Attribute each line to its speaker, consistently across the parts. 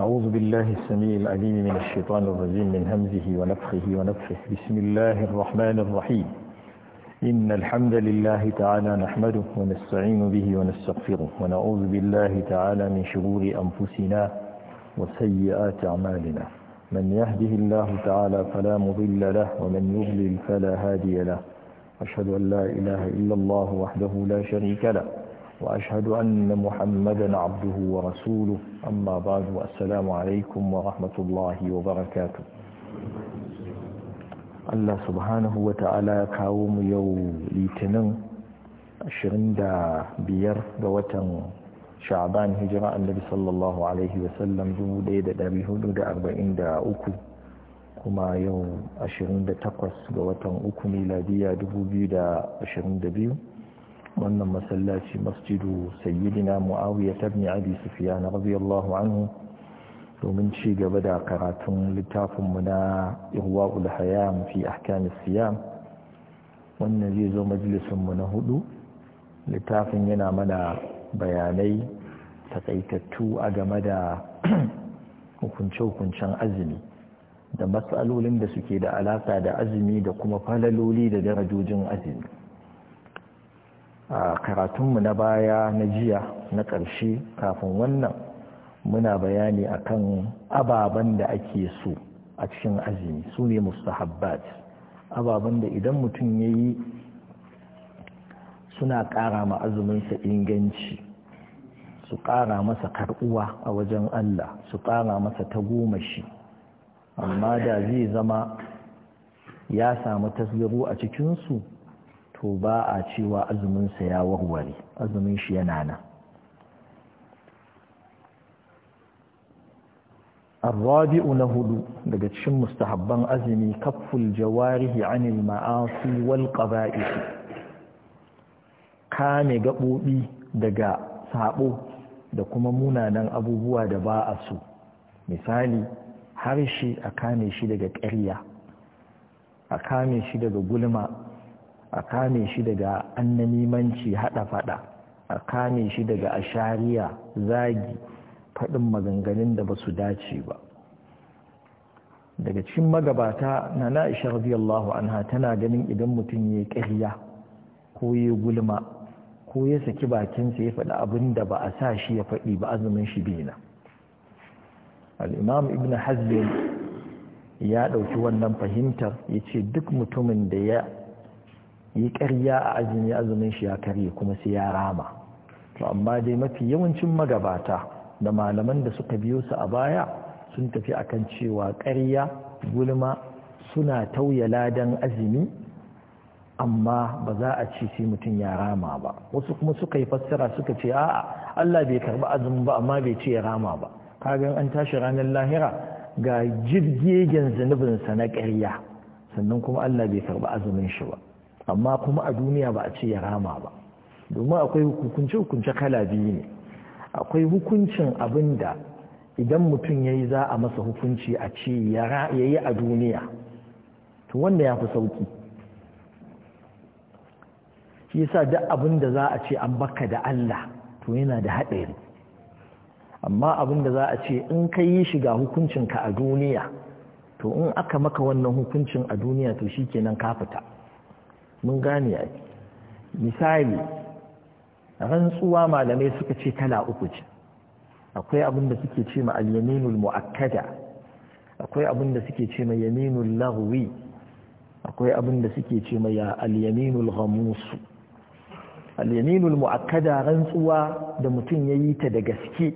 Speaker 1: أعوذ بالله السميع العليم من الشيطان الرجيم من همزه ونفخه ونفخه بسم الله الرحمن الرحيم إن الحمد لله تعالى نحمده ونستعين به ونستغفره ونعوذ بالله تعالى من شرور أنفسنا وسيئات أعمالنا من يهده الله تعالى فلا مضل له ومن يضلل فلا هادي له أشهد أن لا إله إلا الله وحده لا شريك له وأشهد أن محمدا عبده amma أما بعد والسلام عليكم ورحمة wa barakatu. Allah subhanahu wa ta’ala ya kawo mu yau litinin 25 ga watan sha'ban hijira annabi sallallahu Alaihi da 1443 kuma yau 28 ga watan uku miladiya 2022 wannan masallaci masjidu sayyidina muawiya tabni abi sufyan radiyallahu anhu domin ci gaba da karatun littafinmu na ihwa'ul hayam fi ahkamis siyam wannan zai zo mu na hudu littafin yana mana bayanai takaitattu a game da hukunce-hukuncen azumi da matsalolin da suke da alaka da azumi da kuma falaloli da darajojin azumi a karatunmu na baya na jiya na ƙarshe kafin wannan muna bayani akan ababen da ake so a cikin azumi su ne mustahabbat ababen da idan mutum ya yi suna ƙara ma azuminsa inganci su ƙara masa karɓuwa a wajen Allah su ƙara masa ta goma shi, amma da zai zama ya samu tasgaro a cikinsu to ba a cewa azumin sa ya warware, azumin shi yana nan ar na hudu daga cikin mustahabban azumi kafful jawarihi 'anil ma'asi wal qaba'is ka ne gabobi daga sabo da kuma munanan abubuwa da ba a su misali harshe a kame shi daga ƙarya a kame shi daga gulma a kame shi daga annamimanci hada fada a kame shi daga ashariya zagi fadin maganganun da ba su dace ba daga cikin magabata na na'isha radiyallahu anha tana ganin idan mutum ya ƙirya ko ya gulma ko ya saki bakinsa ya faɗi abin da ba a sa shi ya faɗi ba azumin shi bina al'imam ibn hazbin ya ɗauki wannan fahimtar ya ce duk mutumin da ya yi karya a azumi azumin shi ya karye kuma sai ya rama to amma dai mafi yawancin magabata da malaman da suka biyo su a baya sun tafi akan cewa karya gulma suna tauye ladan azumi amma ba za a ci sai mutum ya rama ba wasu kuma suka yi fassara suka ce a'a Allah bai karba azumi ba amma bai ce ya rama ba kagan an tashi ranar lahira ga jirgegen zunubinsa na ƙarya sannan kuma Allah bai karba azumin shi ba amma kuma a duniya ba a ce ya rama ba domin akwai hukunce-hukunce kala biyu ne akwai hukuncin abin idan mutum ya yi za a masa hukunci a ce ya yi a duniya to wanda ya fi sauki shi yasa duk abin da za a ce an baka da Allah to yana da haɗari amma abin da za a ce in ka yi shiga hukuncinka a duniya to in aka maka wannan hukuncin a duniya to shi kenan ka fita mun gane a misali rantsuwa malamai suka ce kala uku ce akwai abin da suke ce ma al-yaminul mu'akkada akwai abin da suke ce ma yaminul lahwi akwai abin da suke ce ma ya al-yaminul ghamus al mu'akkada rantsuwa da mutum yayi ta da gaske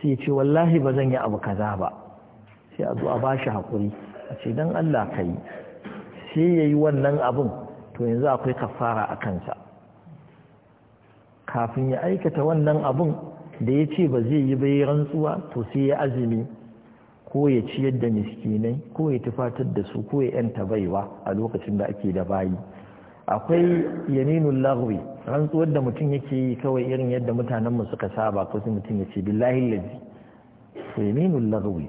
Speaker 1: sai ya ce wallahi ba zan yi abu kaza ba sai a zo a bashi hakuri a ce dan Allah kai sai yayi wannan abun to yanzu akwai kafara a kansa kafin ya aikata wannan abun da ya ce ba zai yi bai rantsuwa to sai ya azumi ko ya ciyar da miskinai ko ya tufatar da su ko ya yanta baiwa a lokacin da ake da bayi akwai yaminul lagwai rantsuwar da mutum yake yi kawai irin yadda mutanen mu suka saba ko sai mutum ya ce billahi lazi to yaminul lagwi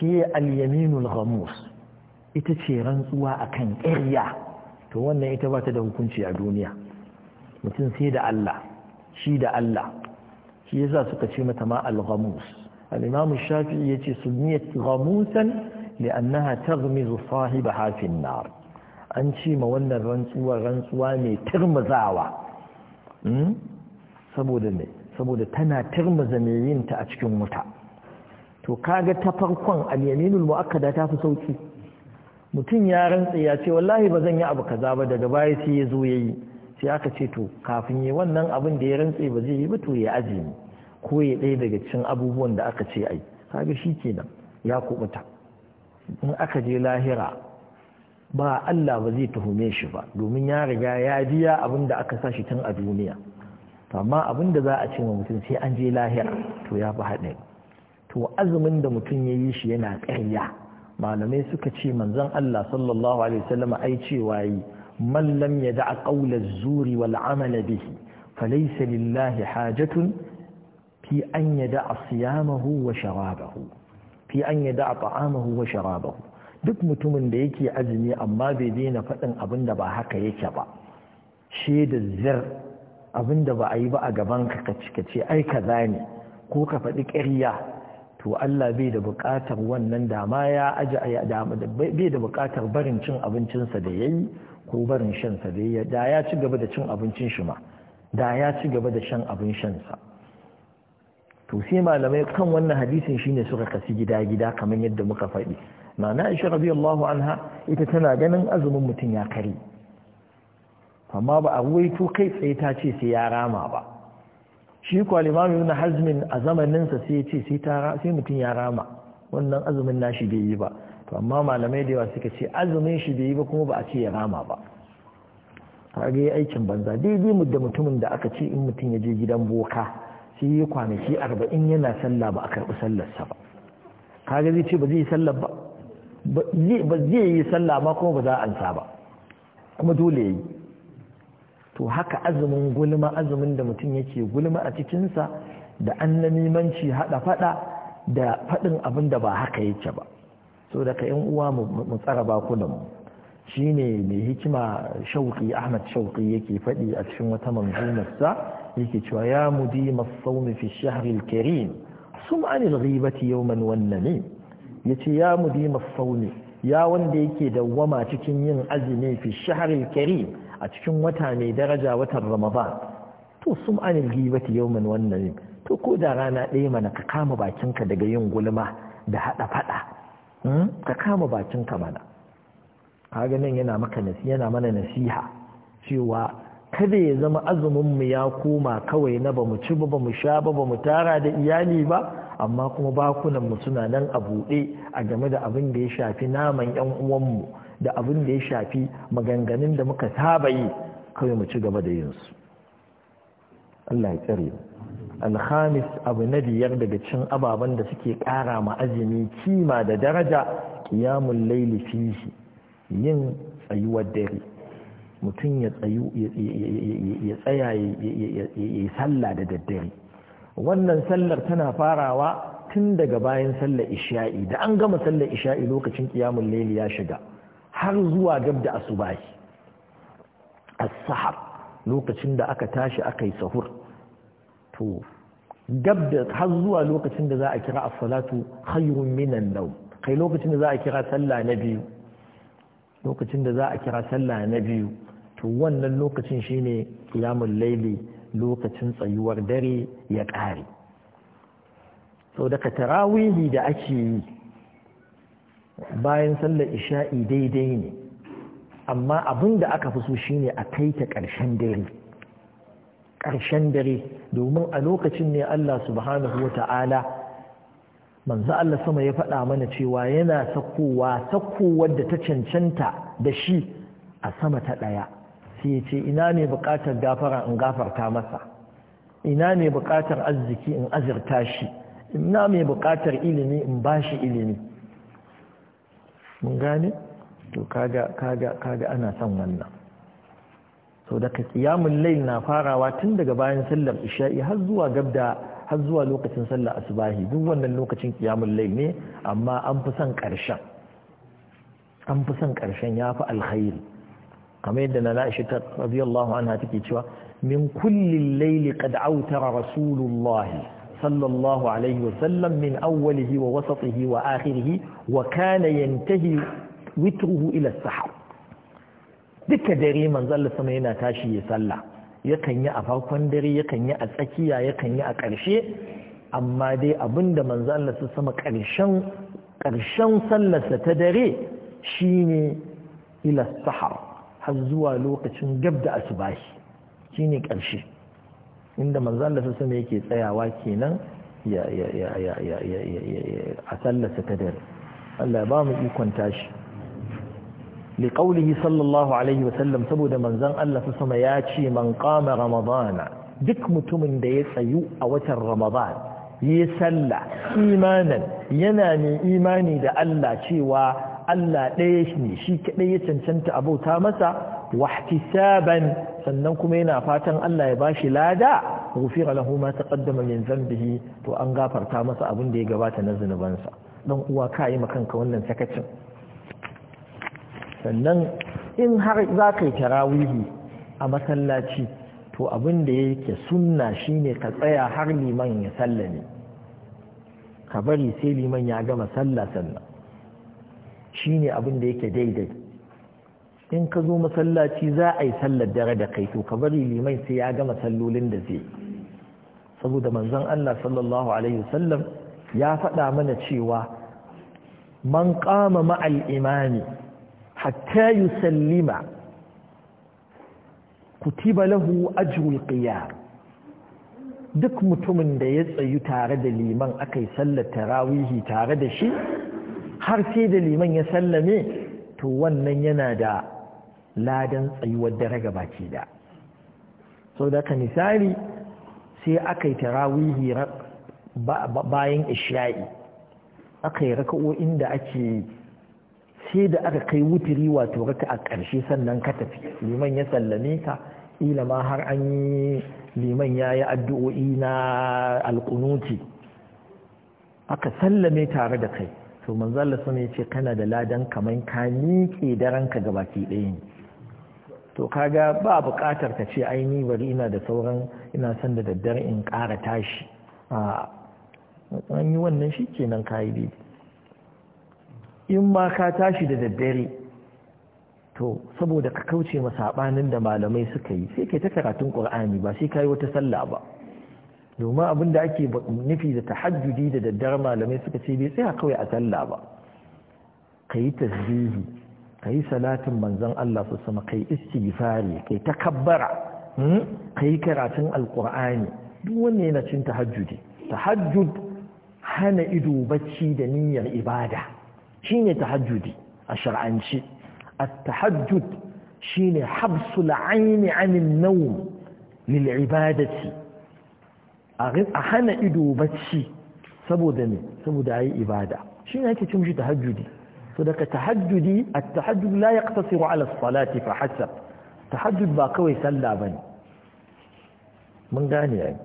Speaker 1: sai al yaminul ghamus ita ce rantsuwa kan ƙarya to wannan ita ba ta da hukunci a duniya mutum sai da Allah shi da Allah shi yasa suka ce mata ma al-ghamus al-imam shafi'i yace sunniyat ghamusan li'annaha taghmizu sahibaha fi nar an ce ma wannan rantsuwa rantsuwa ne tirmazawa hmm? saboda saboda tana tirmaza mai yinta ta a cikin wuta to kaga ta farkon al-yaminul mu'akkada ta fi sauki mutum ya rantsa ya ce wallahi ba zan yi abu kaza ba daga baya sai ya zo ya yi sai aka ce to kafin yi wannan abin da ya rantsa ba zai yi ba to ya azumi ko ya ɗaya daga cikin abubuwan da aka ce ai kaga shi kenan ya kubuta in aka je lahira ba Allah ba zai tuhume shi ba domin ya riga ya biya abin da aka sashi tun a duniya to amma abin da za a ce wa mutum sai an je lahira to ya fi haɗari to azumin da mutum ya yi shi yana ƙarya malamai suka ce manzon Allah sallallahu alaihi wasallam ai cewa yi man lam yada'a qawla zuri wal bihi falaysa lillahi hajatun fi an yada'a siyamahu wa sharabahu fi an yada'a ta'amahu wa sharabahu duk mutumin da yake azumi amma bai daina faɗin abin da ba haka yake ba shaida zir abin da ba a yi ba a gaban ka ka ce ai kaza ne ko ka faɗi ƙarya to Allah bai da buƙatar wannan dama ya aji bai da buƙatar barin cin abincinsa da ya yi ko barin shansa da ya da ya ci gaba da cin abincin shi ma da ya ci gaba da shan abin shansa to sai malamai kan wannan hadisin shine suka kasi gida gida kamar yadda muka faɗi mana Aisha radiyallahu anha ita tana ganin azumin mutum ya kare amma ba a ruwaito kai tsaye ta ce sai ya rama ba shi kwalimami na hazmin a zamaninsa sai ya ce sai mutum ya rama wannan azumin nashi bai yi ba to amma malamai da yawa suka ce azumin shi bai yi ba kuma ba a ce ya rama ba ga yi aikin banza daidai mu da mutumin da aka ce in mutum ya je gidan boka sai yi kwanaki arba'in yana sallah ba a karɓi sallarsa ba ga zai ce ba zai yi sallar ba ba zai yi sallah ma kuma ba za a ansa ba kuma dole ya yi to haka azumin gulma azumin da mutum yake gulma a cikinsa da annamimanci haɗa faɗa da faɗin abin da ba haka yake ba so daga yan uwa mu tsara bakunanmu shi ne mai hikima shauƙi ahmad shauƙi yake faɗi a cikin wata manzumarsa yake cewa ya mudi masaumi fi shahril karim sum anil ghibati yawman wannan yace ya mudi masaumi ya wanda yake dawwama cikin yin azumi fi shahril karim a cikin wata mai daraja watan ramadan to sun anil gibati yawman wannan to ko da rana ɗaya mana ka kama bakinka daga yin gulma da haɗa faɗa hmm? ka kama bakinka mana kaga nan yana maka nasi yana mana nasiha cewa kada ya zama azumin mu ya koma kawai na bamu ci ba bamu sha ba bamu tara da iyali ba amma kuma bakunan mu suna nan a buɗe a game da abin da ya shafi naman yan uwanmu da abin da ya shafi maganganun da muka saba yi kawai mu ci gaba da yin su Allah ya tsare alhamis abu na biyar daga cin ababen da suke ƙara ma azumi kima da daraja qiyamul layli fihi yin tsayuwar dare mutum ya tsayu ya tsaya ya salla da daddare wannan sallar tana farawa tun daga bayan sallar isha'i da an gama sallar isha'i lokacin kiyamun laili ya shiga har zuwa gab da asubahi as-sahar lokacin da aka tashi aka yi sahur to gab da har zuwa lokacin da za a kira as-salatu khayrun minan nawm kai lokacin da za a kira sallah na biyu lokacin da za a kira sallah na biyu to wannan lokacin shine qiyamul layli lokacin tsayuwar dare ya ƙare sau daga tarawihi da ake yi bayan sallar isha'i daidai ne amma abin da aka fi so shine a kai ta ƙarshen dare ƙarshen dare domin a lokacin ne Allah subhanahu wa ta'ala manzo Allah sama ya faɗa mana cewa yana sakkowa sakkowar da ta cancanta da shi a sama ta ɗaya sai ce ina ne buƙatar gafara in gafarta masa ina ne buƙatar arziki in azurta shi ina mai buƙatar ilimi in bashi ilimi mun gane to kaga kaga kaga ana son wannan to ka qiyamul layl na farawa tun daga bayan sallar isha'i har zuwa gabda har zuwa lokacin sallar asubahi duk wannan lokacin qiyamul layl ne amma an fi son karshen an fi son karshen yafi alkhair kamar yadda na Aisha ta radiyallahu anha take cewa min kulli layli qad autara rasulullahi صلى الله عليه وسلم من أوله ووسطه وآخره وكان ينتهي وتره إلى السحر دك دري من ظل سمينا تاشي يسلى يكن يأفاق دري يكن يأسكيا يكن يأكرشي أما دي أبند من ظل سمى كرشن كرشن صلى ستدري شيني إلى السحر هزوا لوقت جبد أسباش شيني كرشي inda manzan da sassa yake tsayawa kenan a sallarsa ta dare Allah ba mu ikon tashi liƙaunihi sallallahu alaihi wasallam saboda manzan Allah sama ya ce man kama ramadana duk mutumin da ya tsayu a watan ramadan ya sallah imanan yana mai imani da Allah cewa Allah ɗaya ne shi kaɗai ya cancanta abauta masa wahtisaban sannan kuma yana fatan Allah ya bashi lada gufira lahu ma taqaddama min zambihi to an gafarta masa abin da ya gabata na zunubansa dan uwa ka yi kanka wannan sakacin sannan in har za ka yi tarawihi a masallaci to abin da yake sunna shine ka tsaya har liman ya sallame ka bari sai liman ya gama sallah sannan shine abin da yake daidai in ka zo masallaci za a yi sallar dare da kai to ka bari liman sai ya gama sallolin da zai saboda manzon Allah sallallahu alaihi wasallam ya faɗa mana cewa man qama ma'al imani hatta yusallima kutiba lahu ajrul qiyam duk mutumin da ya tsayu tare da liman aka yi sallar tarawihi tare da shi har sai da liman ya sallame to wannan yana da ladan tsayuwar dare gabaci da so ka misali sai aka yi tarawihi bayan isha'i aka yi raka'o'in da ake sai da aka kai wutiri wato raka a ƙarshe sannan ka tafi liman ya sallame ka ila ma har an yi liman ya yi addu'o'i na alƙunuti aka sallame tare da kai to manzala sun ya ce kana da ladan kamar ka miƙe daren ka gabaki ɗaya ne to kaga ba buƙatar ka ce aini bari ina da sauran ina son da daddare in ƙara tashi a an yi wannan shi kenan kayi in ma ka tashi da daddare to saboda ka kauce masaɓanin da malamai suka yi sai ke ta karatun ƙur'ani ba sai ka yi wata sallah ba domin abin da ake nufi da tahajjudi da daddare malamai suka ce bai tsaya kawai a sallah ba ka yi tasbihi Kayi salatin manzon Allah su sama kai istighfari kai takabbara hmm? kayi karatun Alkur'ani. duk wanne yana cin tahajjudi tahajjud hana ido bacci da niyyar ibada shine tahajjudi a shar'anci at-tahajjud shine habsul aini anin nawm lil ibadati a hana ido bacci saboda ne saboda yi ibada shine ake cin shi tahajjudi daga tahajjudi at-tahajjud la yaqtasiru ala as-salati fa hasab tahajjud ba kawai sallah bane mun gane ai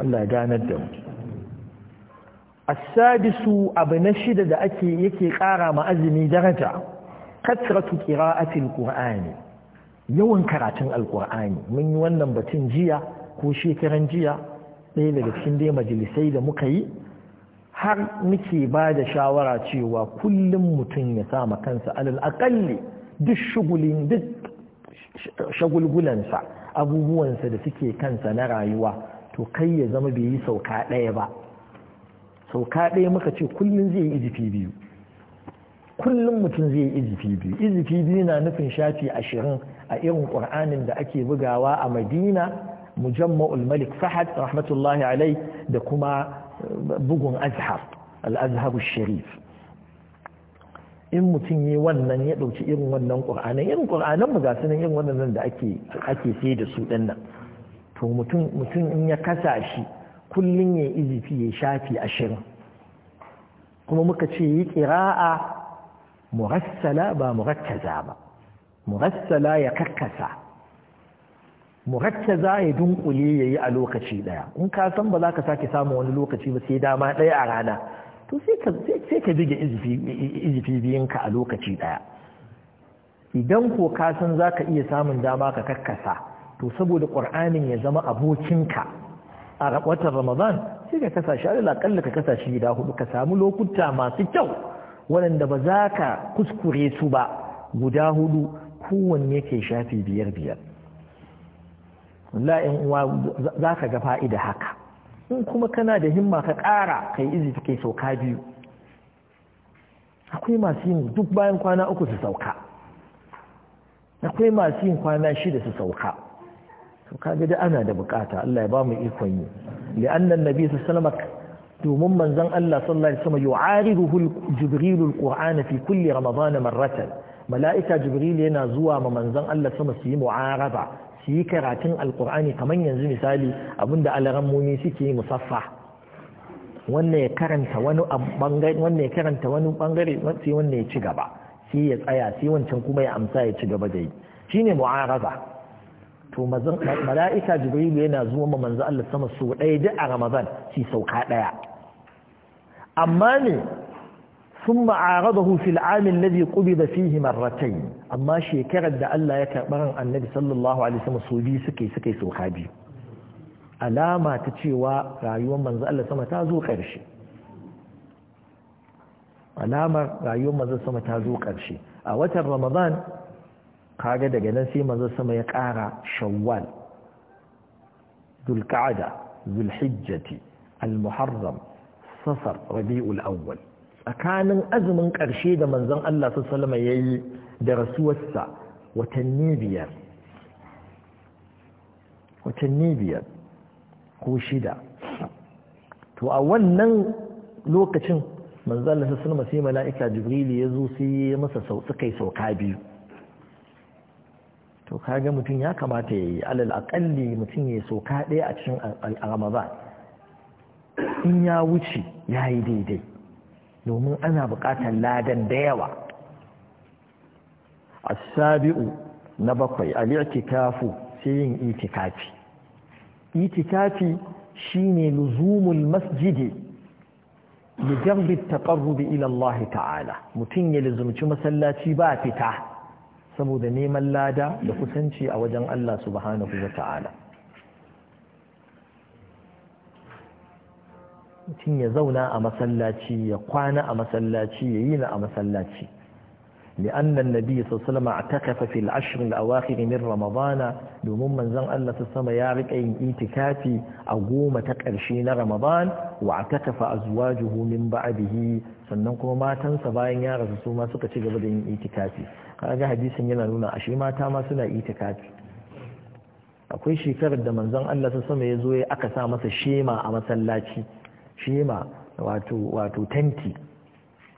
Speaker 1: Allah ya ganar da mu as-sadisu abu na shida da ake yake kara ma azumi daraja kasratu qira'ati al-qur'ani yawan karatun al-qur'ani mun yi wannan batun jiya ko shekaran jiya ɗaya daga cikin dai majalisai da muka yi har muke ba da shawara cewa kullum mutum ya sama kansa alal akalli duk shugulin duk shagulgulansa abubuwansa da suke kansa na rayuwa to kai ya zama bai yi sauka ɗaya ba sauka ɗaya muka ce kullum zai yi izifi biyu kullum mutum zai yi izifi biyu izifi biyu na nufin shafi ashirin a irin ƙur'anin da ake bugawa a madina mujamma'ul malik fahad rahmatullahi alai da kuma bugun azhar Azharu sharif in mutum yi wannan ya ɗauki irin wannan ƙur'anan irin ƙur'anan mu ga su irin wannan da ake ake sai da su ɗin nan to mutum in ya kasa shi kullum ya izifi ya shafi ashirin kuma muka ce yi ƙira'a murassala ba murakkaza ba murassala ya karkasa za a ya dunkule yi a lokaci ɗaya. in ka san ba za ka sake samun wani lokaci ba sai dama ɗaya a rana to sai ka bige izifi biyinka a lokaci ɗaya. idan ko ka san za ka iya samun dama ka karkasa to saboda ƙur'anin ya zama abokinka a watan ramadan sai ka kasa shi alal akalla ka kasa shi gida hudu ka samu lokuta masu kyau waɗanda ba za ka kuskure su ba guda hudu kowanne ke shafi biyar biyar wallahi uwa za ka ga fa'ida haka in kuma kana da himma ka ƙara kai izifi kai sauka biyu akwai masu yin duk bayan kwana uku su sauka akwai masu yin kwana shida su sauka to kaga da ana da bukata Allah ya ba mu ikon yi li'anna annabi sallallahu alaihi domin manzan Allah sallallahu alaihi wasallam yu'ariduhu jibril alqur'ana fi kulli ramadan marratan mala'ika jibril yana zuwa ma manzan Allah sama su yi mu'araba su yi karatun alkur'ani kamar yanzu misali abinda alarammomi suke yi musaffa wannan ya karanta wani bangare sai wannan ya ci gaba sai ya tsaya sai wancan kuma ya amsa ya ci gaba da yi shi ne mu'araza to mala'ika jibrilu yana zuwa ma manzo Allah sama su ɗaya duk a ramadan shi sauka ɗaya amma ne sun ma'aradahu fil amin ladhi qubida fihi marratayn amma shekarar da Allah ya karbar annabi sallallahu alaihi wasallam su bi suke suke sahabi alama ta cewa rayuwar manzo Allah sama ta zo karshe a watan ramadan kaga daga nan sai manzo sama ya kara shawwal dhulqa'da al almuharram safar rabi'ul awwal tsakanin azumin ƙarshe da manzon Allah ya yi da rasuwarsa watanni biyar watanni biyar ko shida to a wannan lokacin manzon Allah sallama sai mala'ika jibrili ya zo sai ya masa sauƙi sauka biyu to kaga mutum ya kamata ya yi alal aƙalli mutum ya sauka ɗaya a cikin ramadan in ya wuce ya yi daidai domin ana buƙatar ladan da yawa A sabiu na bakwai al sai yin itikafi itikafi shine luzumul masjidi li jarbi at ila Allah ta'ala mutun ya luzumci masallaci ba fita saboda neman lada da kusanci a wajen Allah subhanahu wa ta'ala mutum ya zauna a masallaci ya kwana a masallaci ya yi na a masallaci لأن النبي صلى الله عليه وسلم اعتكف في العشر الأواخر من رمضان دومون من زن الله تسمى يارك أين إيتكاتي أقوم تقرشين رمضان واعتكف أزواجه من بعده سننكم ما تنسى باين يا رسول ما سكت قبل أين إيتكاتي هذا حديث ينالون أشي ما تاما سنة إيتكاتي akwai shekarar da manzon Allah ta sama ya zo ya aka sa masa shema a masallaci shi wato wato tanti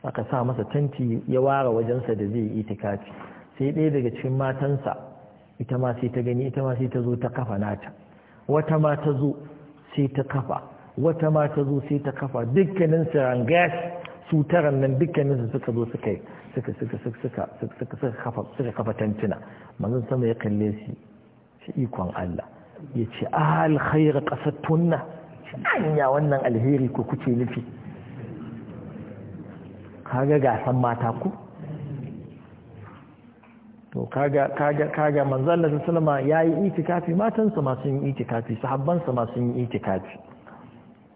Speaker 1: aka sa masa tanti ya ware wajensa da zai yi tikaci sai ɗaya daga cikin matansa ita ma sai ta gani ita ma sai ta zo ta kafa nata wata ma ta zo sai ta kafa wata ma ta zo sai ta kafa dukkanin sirangas su taran nan dukkanin su suka zo suka suka suka suka suka suka kafa suka kafa tantina manzon sama ya kalle shi shi ikon Allah ya ce al khayra qasattunna ya wannan alheri ko kuke nufi kaga gasan mata ku to kaga kaga kaga manzo Allah sallama yayi itikafi matan sa ma sun yi itikafi sahabban sa ma sun yi itikafi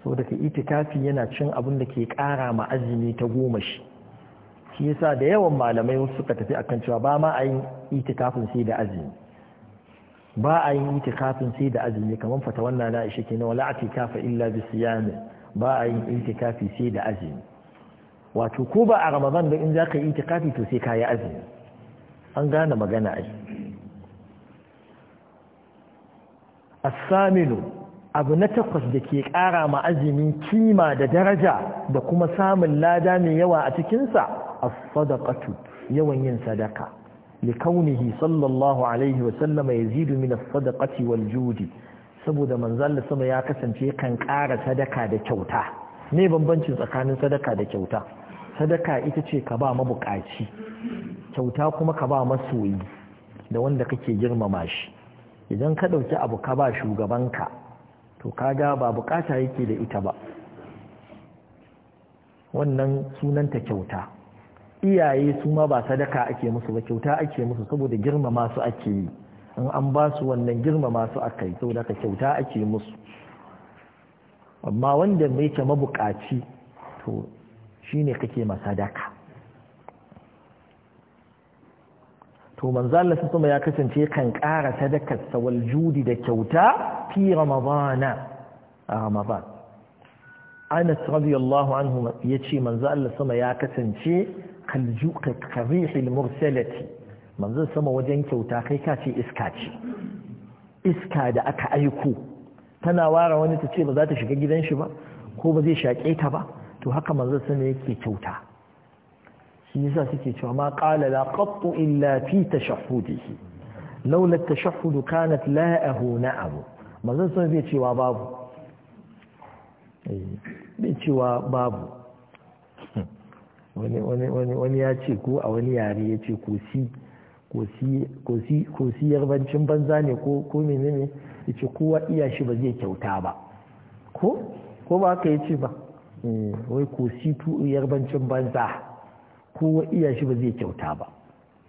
Speaker 1: so daga itikafi yana cin abin da ke kara ma azumi ta goma shi shi yasa da yawan malamai suka tafi akan cewa ba ma a yin itikafin sai da azumi ba a yin itikafin sai da azumi kamar fata wannan na ishe kenan wala atikafa illa bi siyami ba a yin itikafi sai da azumi wato ko ba a ramadan da in za ka yi itikafi to sai ka yi azumi an gane magana ai as-saminu abu na takwas da ke ƙara ma azumi kima da daraja da kuma samun lada mai yawa a cikinsa a sadaqatu yawan yin sadaka لكونه صلى الله عليه وسلم يزيد من الصدقة والجود saboda manzon sama ya kasance kan ƙara sadaka da kyauta ne bambancin tsakanin sadaka da kyauta sadaka ita ce ka ba mabukaci kyauta kuma ka ba masoyi da wanda kake girmama shi idan ka ɗauki abu ka ba ka, to kaga ba bukata yake da ita ba wannan sunanta kyauta iyaye su ma ba sadaka ake musu ba kyauta ake musu saboda girmama su ake yi in an ba su wannan girmama su aka yi saboda ka kyauta ake musu amma wanda mai ce mabukaci to shi ne kake ma sadaka to manzo Allah sama ya kasance kan ƙara sadakar sawal judi da kyauta fi ramadana a ramadan Anas radiyallahu anhu ya ce manzo Allah sama ya kasance karihil mursalati manzon sama wajen kyauta kai ka ce iska ce iska da aka aiko tana wara wani ta ce ba za ta shiga gidan shi ba ko ba zai shaƙe ta ba to haka manzon sama yake kyauta shi yasa suke cewa ma qala la qattu illa fi tashahhudihi laula tashahhudu kanat la'ahu na'am manzon sama bai cewa babu eh, bai cewa babu wani ya ce ko a wani yare ya ce ko si yarbancin banza ne ko mene ne ya ce kowa iya shi ba zai kyauta ba ko ko ba haka ya ce ba eh, wai ko si yarbancin banza kowa iya shi ba zai kyauta ba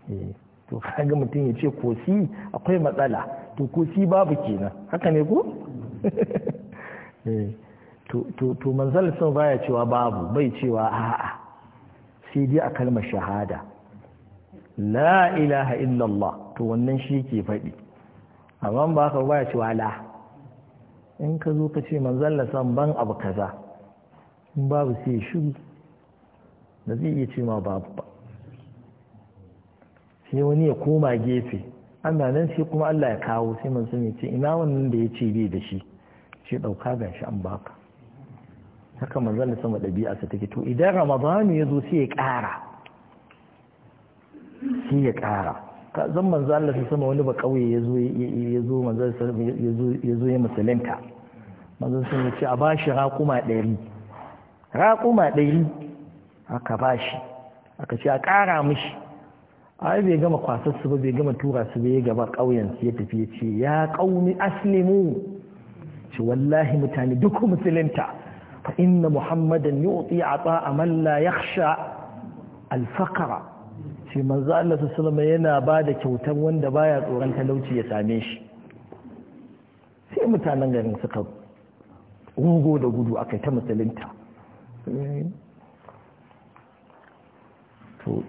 Speaker 1: eh, to kaga mutum ya ce ko si akwai matsala to ko si babu kenan haka ne ko eh, to manzalisan baya cewa babu bai cewa a'a sai dai a kalmar shahada la ilaha illallah to wannan shi ke faɗi amma ba ka ba ci wala in ka zo ka ce manzan lasan ban abu kaza in babu sai shiru da zai iya ce ma babu ba sai wani ya koma gefe ana nan sai kuma Allah ya kawo sai manzan ya ce ina wannan da ya ce bai da shi ce ɗauka shi an baka haka manzon da sama ɗabi'arsa take to idan ramadani ya zo sai ya ƙara sai ya ƙara zan manzon Allah sama wani ba ƙauye ya zo ya zo manzon ya zo ya zo ya musulunta sun ce a bashi raƙuma ɗari raƙuma ɗari aka bashi aka ce a ƙara mishi ai bai gama kwasar ba bai gama tura su bai gaba ƙauyen su ya tafi ya ce ya ƙauni aslimu ce wallahi mutane duk musulunta Fa inna فإن محمدا يعطي عطاء من لا يخشى الفقر shi manzo Allah sallallahu yana bada da kyautar wanda baya tsoron talauci ya same shi sai mutanen garin suka ungo da gudu akai ta musulunta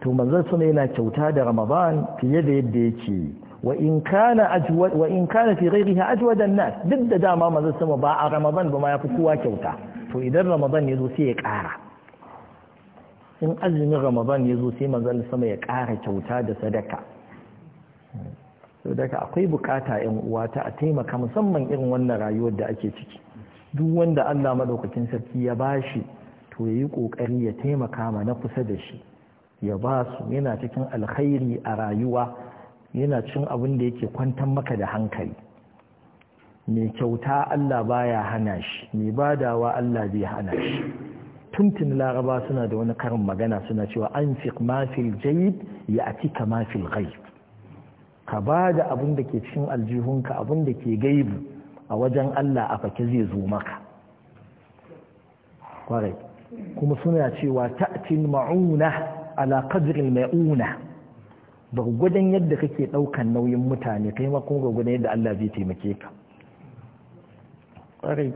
Speaker 1: to manzo sallallahu yana kyauta da Ramadan fiye da yadda yake wa in kana ajwad wa in kana fi ghayriha ajwad an-nas duk da dama manzo sallallahu ba a Ramadan ba ma ya fi kowa kyauta to idan ramadan ya zo sai ya ƙara in azumin ramadan ya zo sai mazan sama ya ƙara kyauta da sadaka sadaka akwai bukata yan uwa ta a taimaka musamman irin wannan rayuwar da ake ciki duk wanda Allah madaukakin sarki ya bashi to yayi ƙoƙari ya taimaka ma na kusa da shi ya ba su yana cikin alkhairi a rayuwa yana cikin abin da yake kwantar maka da hankali mai kyauta Allah baya hana shi mai badawa Allah zai hana shi tuntun laraba suna da wani karin magana suna cewa an fi mafil jayid ya ati ka mafil ghaib ka ba da abin da ke cikin aljihunka abin da ke gaibu a wajen Allah a fake zai zo maka kwarai kuma suna cewa ta'tin ma'una ala qadril ma'una ba gwadon yadda kake ɗaukan nauyin mutane kai ma kuma gwadan yadda Allah zai taimake ka kwarai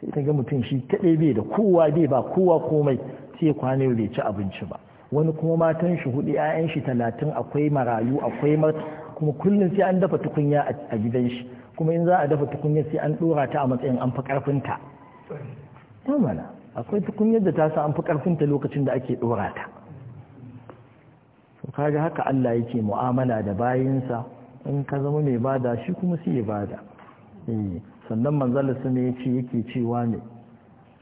Speaker 1: sai ta ga mutum shi kaɗai bai da kowa bai ba kowa komai sai kwana bai ci abinci ba wani kuma matan shi hudu 'ya'yan shi talatin akwai marayu akwai kuma kullum sai an dafa tukunya a gidan shi kuma in za a dafa tukunya sai an dora ta a matsayin an fi ta mana akwai tukunyar da ta sa an fi ta lokacin da ake dora ta kaga haka Allah yake mu'amala da bayinsa in ka zama mai bada shi kuma sai ya bada eh. sannan manzon ne ya ce yake cewa ne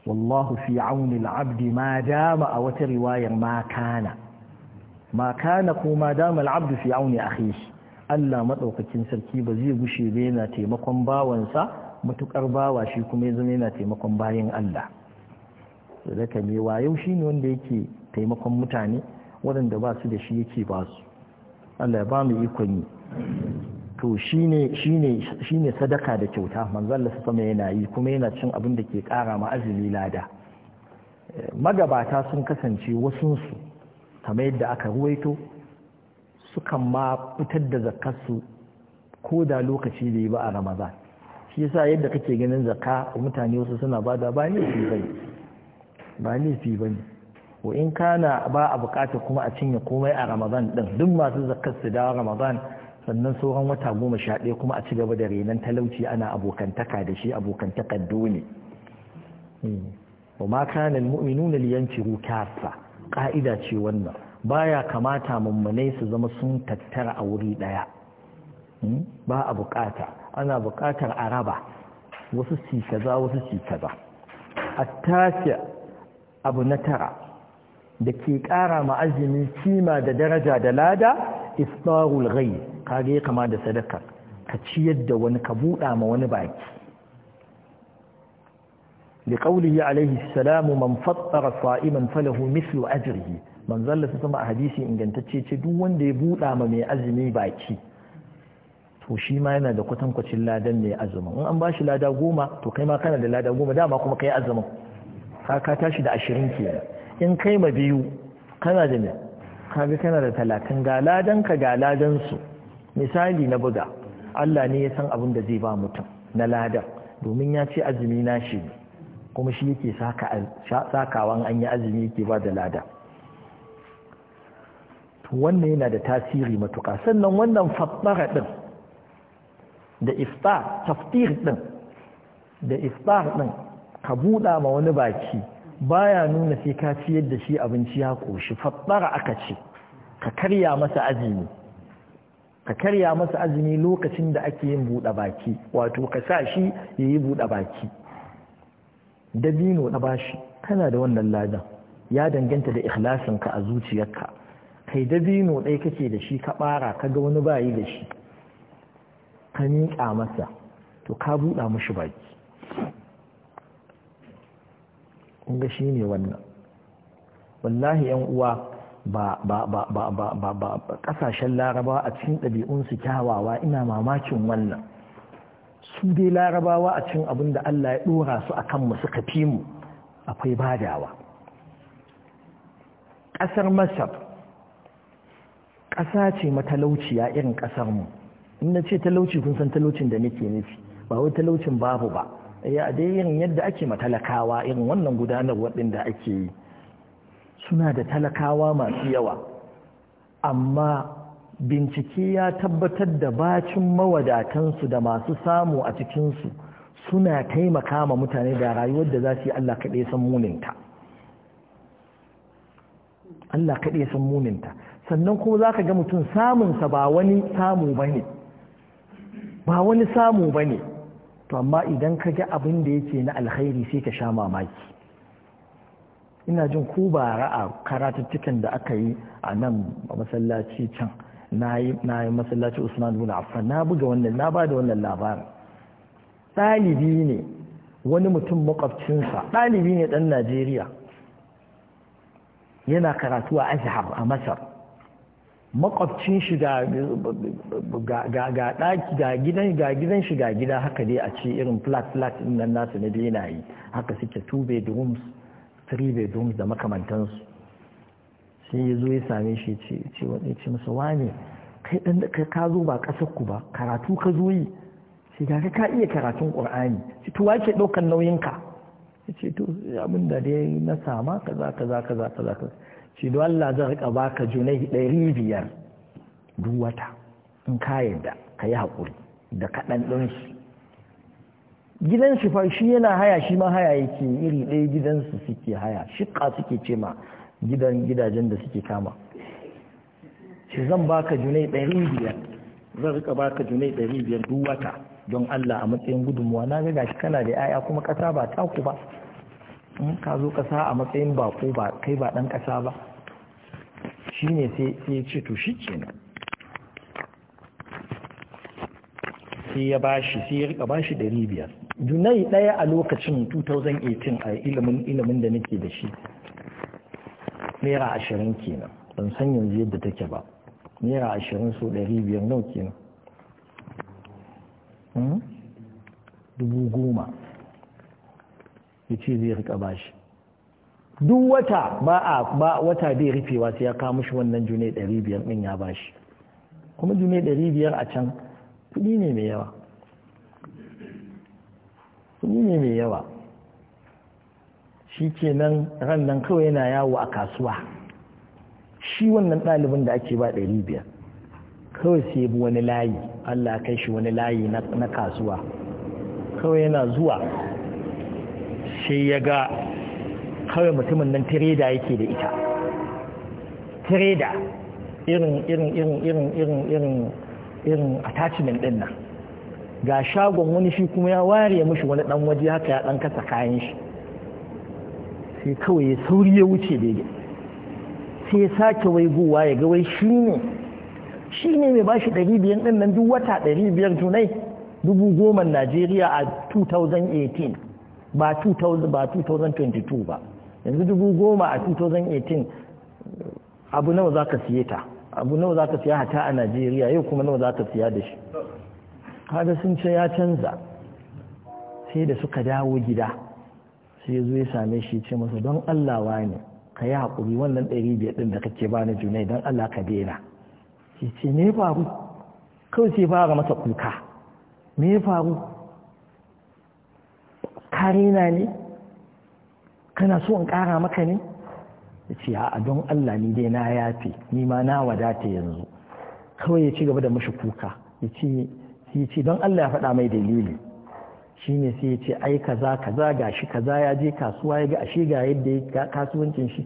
Speaker 1: wallahu fi auni al'abdi ma dama a wata riwayar ma kana ma kana ko ma dama al'abdi fi auni akhihi Allah maɗaukacin sarki ba zai gushe ba yana taimakon bawansa matuƙar bawa shi kuma ya zama yana taimakon bayan Allah da sadaka mai wayo shi ne wanda yake taimakon mutane waɗanda ba su da shi yake ba su Allah ya ba mu ikon yi to shine ne sadaka da kyauta manzon Allah sama yana yi kuma yana cin abin da ke kara ma azumi lada magabata sun kasance wasunsu kama yadda aka ruwaito sukan ma fitar da zakarsu ko da lokaci da yi ba a ramadan shi yasa yadda kake ganin zakka mutane wasu suna bada ba da fi bane ba ne fi wa in kana ba a bukata kuma a cinye komai a ramadan din duk masu zakkar su dawo ramadan sannan sauran wata goma sha ɗaya kuma a ci gaba da renon talauci ana abokantaka da shi abokantakar dole wa ma kana almu'minuna liyanfiru kaffa Ƙa'ida ce wannan baya kamata mummunai su zama sun tattara a wuri ɗaya hmm? ba a buƙata. ana bukatar a raba wasu si kaza wasu si kaza attasi abu na tara da ke ƙara ma azumi kima da daraja da lada iftarul ghaib kage ya kama da sadaka ka ciyar da wani ka buɗa ma wani baki da ƙaunihi alaihi salamu man fattara sa'iman falahu mislu ajirgi. man zalla su sama a hadisi ingantacce ce duk wanda ya buɗa ma mai azumi baki to shi ma yana da kwatankwacin ladan mai azumin in an ba shi lada goma to kai ma kana da lada goma dama kuma kai azumin ka ka tashi da ashirin kenan in kai ma biyu kana da mai kaga kana da talatin ga ladanka ga ladan su. misali na buga Allah ne ya san abin da zai ba mutum na ladar domin ya ce azumi na shi kuma shi yake sakawan an yi azumi yake ba da lada wannan yana da tasiri matuka sannan wannan fattara din da iftar taftir din da iftar din ka buɗa ma wani baki baya nuna sai ka ciyar da shi abinci ya ƙoshi fattara aka ce ka karya masa azumi ka karya masa azumi lokacin da ake yin buɗe baki wato ka sa shi ya yi buɗe baki dabino na bashi kana da wannan ladan ya danganta da ikhlasinka a zuciyarka kai dabino ɗaya kake da shi ka ɓara ka ga wani bayi da shi ka miƙa masa to ka buɗa mushi baki ga shi ne wannan wallahi yan uwa ba kasashen larabawa a cikin ɗabi'unsu kyawawa ina mamakin wannan su dai larabawa a cikin abin da Allah ya ɗora su a kanmu suka fi mu akwai badawa ƙasar masab ƙasa ce matalauciya irin ƙasarmu in na ce talauci kun san talaucin da nake nufi ba wai talaucin babu ba ya dai irin yadda ake matalakawa irin wannan gudanarwa ɗin da ake yi suna da talakawa masu yawa amma bincike ya tabbatar da bacin mawadatansu da masu samu a cikinsu suna taimaka ma mutane da rayuwar da za su yi Allah kaɗe san muninta Allah kaɗe san muninta sannan kuma za ka ga mutum samunsa ba wani samu ba ne ba wani samu ba ne to amma idan ka ga abin da yake na alkhairi sai ka sha mamaki ina jin ku ba ra'a karatuttukan da aka yi a nan masallaci can na yi masallaci usman bin affan na buga wannan na ba da wannan labarin ɗalibi ne wani mutum makwabcinsa ɗalibi ne ɗan najeriya yana karatu a azhar a masar makwabcin shi ga ɗaki ga gidan shi ga gida haka dai a ce irin flat flat ɗin nan nasu na yi haka suke two rooms. three bedrooms da makamantansu sai ya zo ya same shi ce wani ce masa wane kai ɗan da ka zo ba ƙasar ku ba karatu ka zo yi sai ga ka iya karatun ƙur'ani shi to wake ɗaukar nauyinka ya ce to abin da dai na sama kaza kaza kaza kaza kaza ce don Allah zan rika baka junai ɗari biyar duk wata in ka yarda ka yi haƙuri da kaɗan shi. gidan shi fa shi yana haya shi ma haya yake iri ɗaya gidansu suke haya shiƙa suke ce ma gidan gidajen da suke kama shi zan baka junai ɗari biyar zan rika baka junai ɗari biyar duk wata don Allah a matsayin gudunmuwa na ga gashi kana da yaya kuma ƙasa ba taku ba in ka zo ƙasa a matsayin bako ba kai ba ɗan ƙasa ba shi ne sai ya ce to shi kenan sai ya bashi sai ya rika bashi ɗari biyar junai ɗaya a lokacin 2018 a ilimin da nake da shi naira ashirin kenan ban san yanzu yadda take ba naira ashirin so ɗari biyar nau kenan hmm? dubu goma ya ce zai rika bashi duk wata ba a ba wata bai rufewa sai ya kawo mishi wannan junai ɗari biyar ɗin ya bashi kuma junai ɗari biyar a can kuɗi ne mai yawa kuɗi ne mai yawa shi ke nan ran nan kawai yana yawo a kasuwa shi wannan ɗalibin da ake ba ɗari biyar kawai sai bi wani layi allah kai shi wani layi na kasuwa kawai yana zuwa sai ya ga kawai mutumin nan tireda yake da ita tireda irin irin irin irin irin irin irin attachment ɗin nan ga shagon wani shi kuma ya ware mushi wani dan waje haka ya dan kasa kayan shi sai kawai ya sauri ya wuce daidai sai ya sake waigowa ya ga wai shi ne shi ne mai bashi ɗari din ɗin nan duk wata ɗari biyar junai dubu goma najeriya a 2018 ba 2022 ba yanzu dubu goma a 2018 abu nawa za ka siye ta abu nawa za ka siya hata a najeriya yau kuma nawa za ka siya da shi Kada sun ce ya canza sai da suka dawo gida sai ya ya same shi ce masa don Allah wa ne ka yi haƙuri wannan ɗari biyar ɗin da kake bani juna don Allah ka daina shi ce me faru kawai sai fara masa kuka me faru karina ne kana so in ƙara maka ne ya ce a don Allah ni dai na yafe ni ma na wadata yanzu kawai ya ci gaba da mashi kuka ya ce ya ce don Allah ya faɗa mai dalili shi ne sai ya ce ai kaza kaza ga shi kaza ya je kasuwa ya ga ashe ga yadda ya kasuwancin shi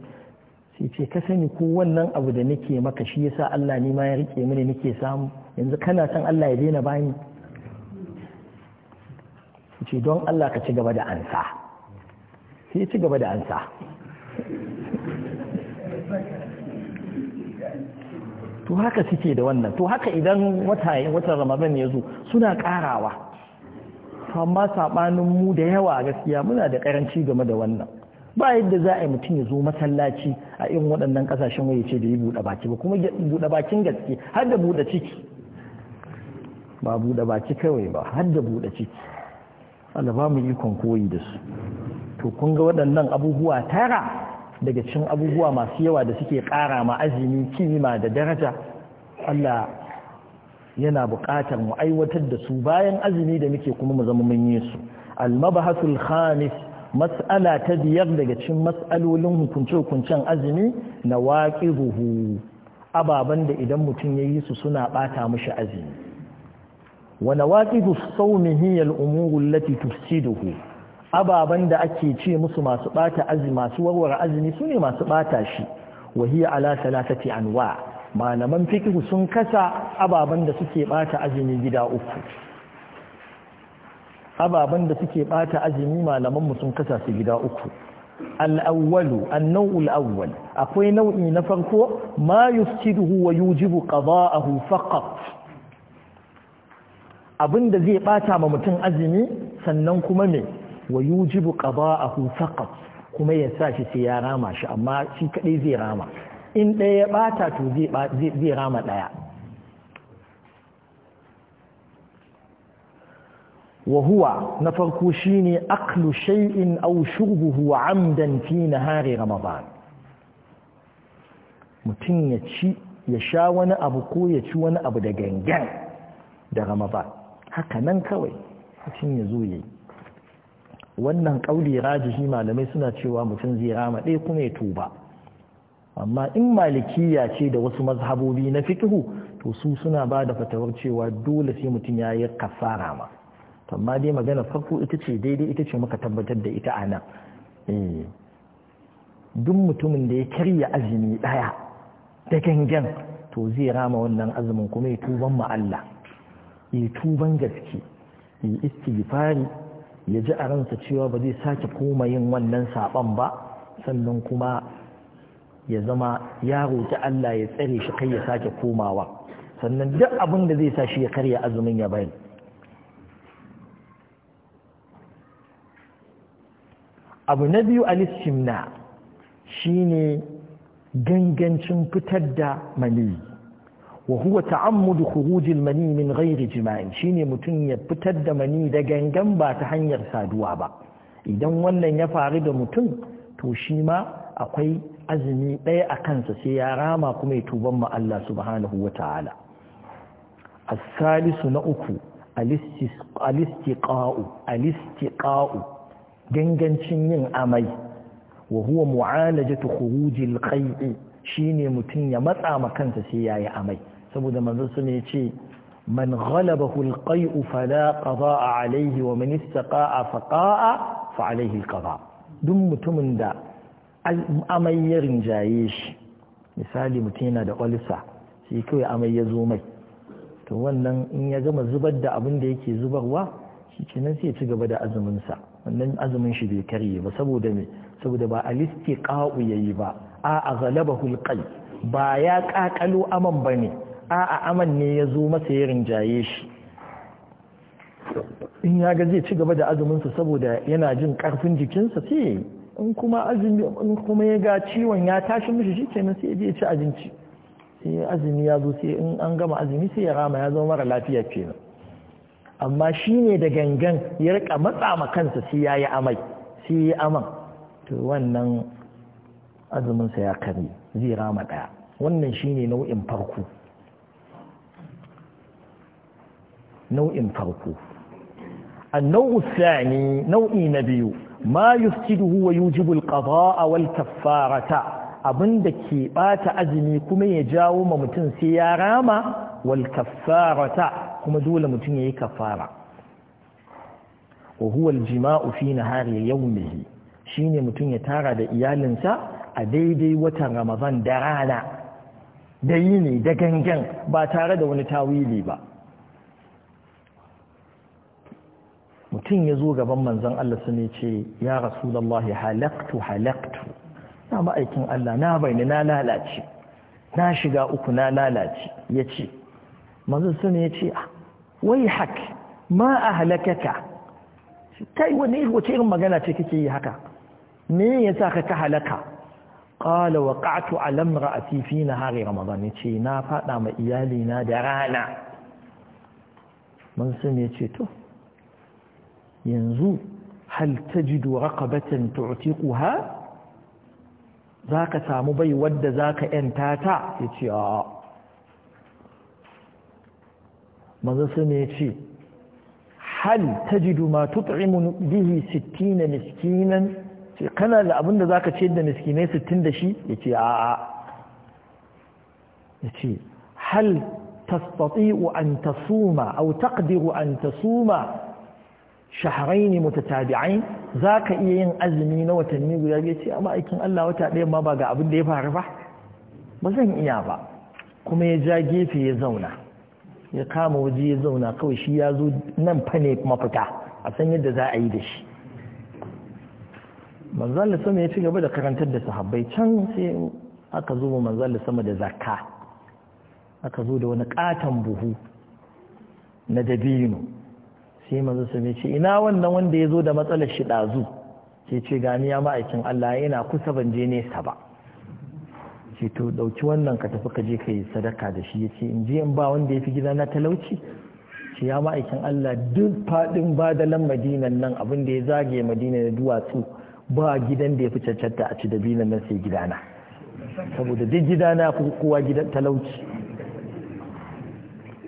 Speaker 1: sai ce ka sani ko wannan abu da nake maka shi yasa Allah ni ma ya rike mini nake samu yanzu kana son Allah ya daina bani ce don Allah ka ci gaba da ansa sai ci gaba da ansa to haka suke da wannan to haka idan wata watan ramadan ya zo suna karawa amma sabanin mu da yawa gaskiya muna da karanci game da wannan ba yadda za a yi mutum ya zo masallaci a irin waɗannan ƙasashen waye ce da yi buɗe baki ba kuma buɗe bakin gaske har da buɗe ciki ba buɗe baki kawai ba har da buɗe ciki Allah ba mu ikon koyi da su to kun ga waɗannan abubuwa tara daga cikin abubuwa masu yawa da suke ƙara ma azumi kima da daraja Allah yana buƙatar mu aiwatar da su bayan azumi da muke kuma mu zama mun yi su al khamis mas'ala ta biyar daga cikin mas'alolin hukunce-hukuncen azumi na waqibuhu ababan da idan mutum yayi su suna bata mishi azumi wa nawaqibu sawmihi al-umuru allati tufsiduhu ababen da ake ce musu masu bata azumi masu warware azumi sune ne masu bata shi wahiya ala salatati anwa malaman fikihu sun kasa ababen da suke bata azumi gida uku ababen da suke bata azumi malaman mu sun kasa su gida uku al'awwalu nau'ul awwal akwai nau'i na farko ma yufsiduhu wa yujibu qada'ahu faqat abinda zai bata ma mutum azumi sannan kuma me wa yujibu qada'ahu faqat kuma ya sa shi sai ya rama shi amma shi kadai zai rama in ɗaya ya bata to zai rama ɗaya wa huwa na farko shine aklu shay'in aw shurbuhu amdan fi nahari ramadan mutum ya ci ya sha wani abu ko ya ci wani abu da gangan da ramadan haka nan kawai mutum ya zo yayi wannan ƙauli rajihi malamai suna cewa mutum zai rama ɗaya kuma ya tuba amma in malikiya ce da wasu mazhabobi na fikihu to su suna ba da fatawar cewa dole sai mutum ya yi kafara ma amma dai magana farko ita ce daidai ita ce muka tabbatar da ita a nan eh. duk mutumin da ya karya azumi ɗaya da gangan to zai rama wannan azumin kuma ya tuban ma Allah ya tuban gaske ya istighfari ya ji a ransa cewa ba zai sake koma yin wannan saɓon ba sannan kuma ya zama ya roƙi Allah ya tsare shi kai ya sake komawa sannan duk abin da zai sa shi ya karya azumin ya bai abu na biyu a shi shine gangancin fitar da maniyi Wahuwa huwa ta'ammudu khurujil mani min ghairi jima'in shine mutum ya fitar da mani da gangan ba ta hanyar saduwa ba idan wannan ya faru da mutum to shi ma akwai azumi ɗaya a kansa sai ya rama kuma ya tuban ma Allah subhanahu wa ta'ala as-salisu na uku al-istiqa'u al-istiqa'u gangancin yin amai wa huwa mu'alajatu khurujil qai'i shine mutum ya matsa ma kansa sai yayi amai saboda manzon su ne ce man ghalabahu alqai'u fala qada'a alayhi wa man istaqa'a faqa'a fa alayhi alqada duk mutumin da amai ya shi misali mutum yana da olisa sai kawai amai ya zo mai to wannan in ya gama zubar da abin da yake zubarwa shi kenan sai ya ci gaba da azuminsa wannan azumin shi bai karye ba saboda me saboda ba alisti ƙa'u ya yi ba a galaba hulƙai ba ya ƙaƙalo aman ba ne a'a aman ne ya zo masa ya rinjaye shi in ya ga zai ci gaba da azuminsa saboda yana jin karfin jikinsa sai ya yi in kuma azumi in kuma ya ga ciwon ya tashi mishi shi kenan sai ya je ci abinci sai azumi ya zo sai in an gama azumi sai ya rama ya zama mara lafiya kenan amma shi ne da gangan ya rika matsa ma kansa sai ya yi amai sai ya yi aman to wannan azuminsa ya kare zai rama ɗaya wannan shine nau'in farko nau'in farko النوع الثاني نوع نبي ما يفسده ويوجب القضاء والكفارة abin da ke bata azumi kuma ya jawo ma mutum sai ya rama wal kaffarata kuma dole mutum yayi kaffara wa huwa al jima'u fi nahari yawmihi shine mutum ya tara da iyalinsa a daidai watan Ramadan da rana da yini da gangan ba tare da wani tawili ba mutum ya zo gaban manzon Allah sun ce ya rasu rasulullahi halaktu halaktu na ma'aikin Allah na baini na lalace na shiga uku na lalace ya ce manzon sun ya ce ah, wai hak ma a halakaka kai wani wace irin magana ce kake yi haka me ya sa ka ka halaka qala waqa'tu a imra'ati fi nahari ramadan ce na fada ma iyalina da rana manzon sun ya ce to yanzu hal tajidu raqabatan za ka samu bai wadda zaka yanta ta yace a maza su ne yace hal tajidu ma tut'imu bihi 60 miskinan ce kana da abinda zaka ce da miskinai sittin da shi yace a a yace hal tastati'u an tasuma au taqdiru an tasuma shahraini mutatabi'ain zaka iya yin azumi na watanni guda biyu ce amma aikin Allah wata ɗaya ma ba ga abin da ya faru ba ba zan iya ba kuma ya ja gefe ya zauna ya kama waje ya zauna kawai shi ya zo nan fa ne mafita a san yadda za a yi da shi manzal sama ya ci gaba da karantar da sahabbai can sai aka zo wa manzal sama da zakka aka zo da wani katon buhu na dabino sai manzo sun ce ina wannan wanda ya zo da matsalar shi ɗazu sai ce gani ya ma'aikin Allah yana kusa ban je nesa ba ce to ɗauki wannan ka tafi ka je ka sadaka da shi yace in je in ba wanda ya fi gida na talauci ce ya ma'aikin Allah duk faɗin badalan madinan nan abin da ya zage madina da duwatsu ba gidan da ya fi cancanta a ci da binan nan sai gidana saboda duk gidana fi kowa gidan talauci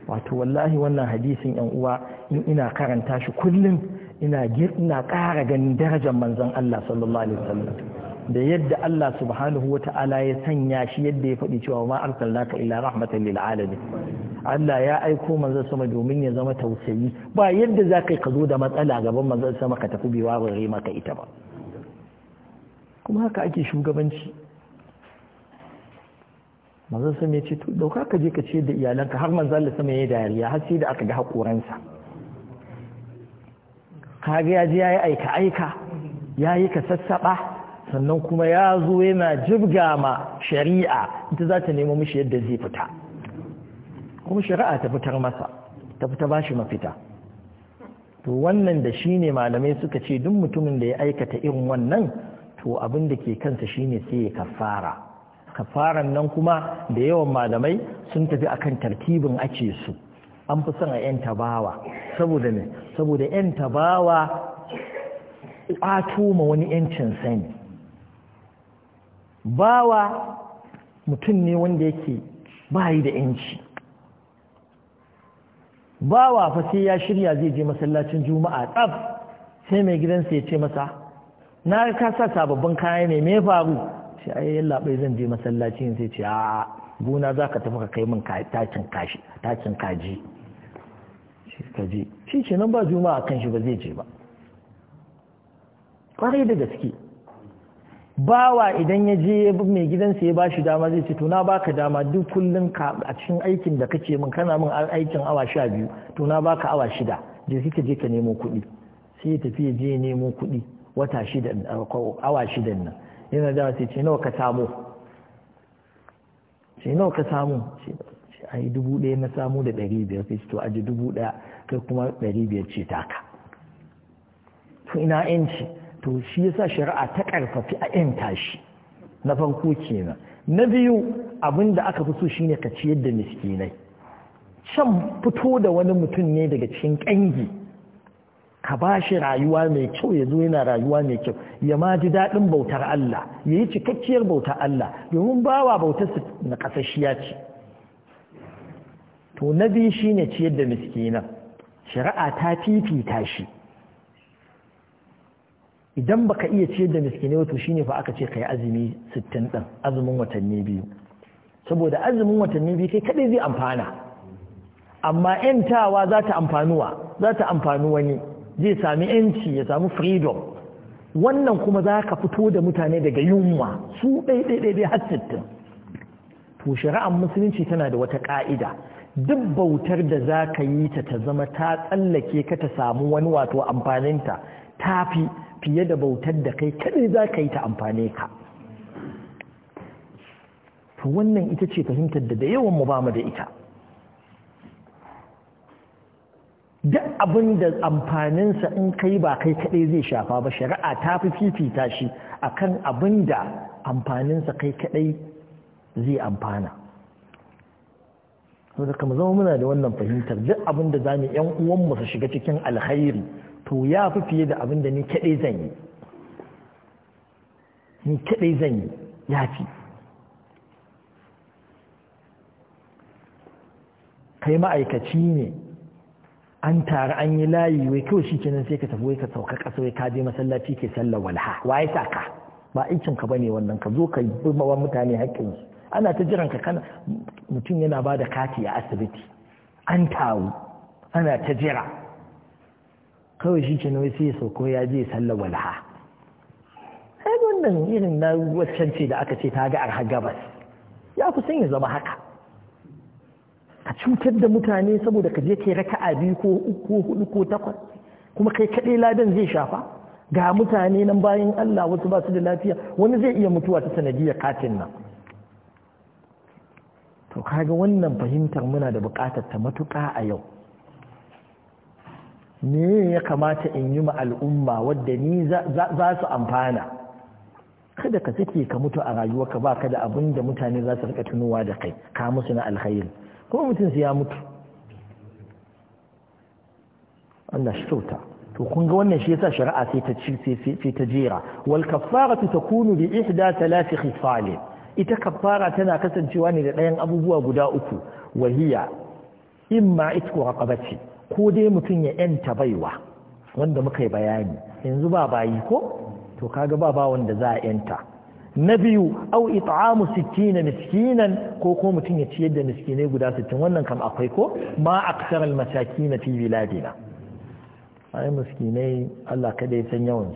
Speaker 1: wato wallahi wannan hadisin yan uwa in ina karanta shi kullum ina ina ƙara ganin darajar manzon Allah sallallahu alaihi wasallam da yadda Allah subhanahu wa ta'ala ya sanya shi yadda ya faɗi cewa ma arsalnaka illa rahmatan lil alamin Allah ya aiko manzon sama domin ya zama tausayi ba yadda za ka zo da matsala gaban manzon sama ka tafi bai warware maka ita ba kuma haka ake shugabanci manzon sama ya ce to dauka ka je ka ce da iyalanka har manzon Allah sama ya yi dariya har sai da aka ga hakoransa ga ya ji ya yi aika aika ya yi ka sassaɓa sannan kuma ya zo yana jibga ma shari'a ita za ta nemo mishi yadda zai fita kuma shari'a ta fitar masa ta fita ba shi mafita to wannan da shi ne malamai suka ce duk mutumin da ya aikata irin wannan to abin da ke kansa shi ne sai ya kafara kafaran nan kuma da yawan malamai sun tafi akan tartibin ake su an fi son a yan tabawa saboda ne saboda yan tabawa a ma wani yancin sani bawa mutum ne wanda yake bayi da yanci bawa fa sai ya shirya zai je masallacin juma'a tsaf sai mai gidansa ya ce masa na ka sa sababbin kaya ne me faru sai ai yalla zan je masallacin sai ce a gona ka tafi ka kai min takin kaji ka je shi ce nan ba juma'a kan shi ba zai je ba ƙwarai da gaske bawa idan ya je mai gidansa ya ba shi dama zai ce to na ka dama duk kullum a cikin aikin da kace min kana min aikin awa sha biyu to na ka awa shida je ka je ka nemo kuɗi sai ya tafi ya je nemo kuɗi wata shida awa shidan nan yana da sai ce nawa ka samu ce nawa ka samu ce ai dubu ɗaya na samu da ɗari biyar sai to aji dubu ɗaya kai kuma ɗari biyar ce taka to ina yanci to shi yasa shari'a ta ƙarfafi a ƴan tashi. na farko kenan na biyu abinda aka fi so shine ka ciyar da miskinai can fito da wani mutum ne daga cikin ƙangi ka ba shi rayuwa mai kyau ya zo yana rayuwa mai kyau ya ma ji daɗin bautar Allah ya yi cikakkiyar bautar Allah domin bawa bautar su na ƙasashiya ce to na biyu shine ciyar da miskinai shari'a ta fifita shi idan baka iya ciyar da miskinai wato shine fa aka ce kai azumi 60 din azumin watanni biyu saboda azumin watanni biyu kai kadai zai amfana amma yantawa za ta amfanuwa za ta amfanu wani zai sami yanci ya samu freedom wannan kuma za ka fito da mutane daga yunwa su ɗaiɗaiɗaiɗai har sittin to shari'ar musulunci tana da wata ƙa'ida duk bautar da za ka yi ta ta zama ta tsallake ka ta samu wani wato amfaninta ta fi fiye da bautar da kai kadai za ka yi ta amfane ka to wannan ita ce fahimtar da da yawan mu bamu da ita duk abin da amfaninsa in kai ba kai kadai zai shafa ba shari'a ta fi fifita shi akan abin da amfaninsa kai kadai zai amfana so kama zama muna da wannan fahimtar duk abin da za mu yan uwanmu su shiga cikin alkhairi to ya fi fiye da abin da ni kaɗai zan yi ni kaɗai zan yi ya fi kai ma'aikaci ne an tare an yi layi wai kawai shi kenan sai ka tafi wai ka sauka ƙasa wai ka je masallaci ke sallar walha waye sa ka ba aikin ka bane wannan ka zo ka yi mutane haƙƙinsu ana ta jiran ka kana mutum yana ba da kati a asibiti an tawo. ana ta jira kawai shi kenan sai ya sauko ya je sallar walha sai wannan irin na waccan ce da aka ce ta ga arha gabas ya kusan ya zama haka Ka cutar da mutane saboda ka je kai raka'a biyu ko uku hudu ko takwas kuma kai kaɗai ladan zai shafa ga mutane nan bayan Allah wasu ba su da lafiya wani zai iya mutuwa ta sanadiyar katin nan to kaga wannan fahimtar muna da buƙatar ta matuƙa a yau me ya kamata in yi ma al'umma wadda ni za su amfana kada ka sake ka mutu a rayuwarka ba ka da abin da mutane za su rika tunuwa da kai ka musu na alkhairi kuma mutum su ya mutu Allah shi kyauta to kun ga wannan shi yasa shari'a sai ta ci sai ta jera wal kaffaratu takunu bi ihda thalath khisalin ita kafara tana kasancewa ne da ɗayan abubuwa guda uku wahiya imma itku ce ko dai mutum ya yanta baiwa wanda muka yi bayani yanzu ba bayi ko to kaga ba ba wanda za a yanta na biyu au it'amu sittina miskinan ko ko mutum ya ciyar da miskinai guda 60 wannan kam akwai ko ma aksar na TV fi biladina ai miskinai Allah kada ya san yawan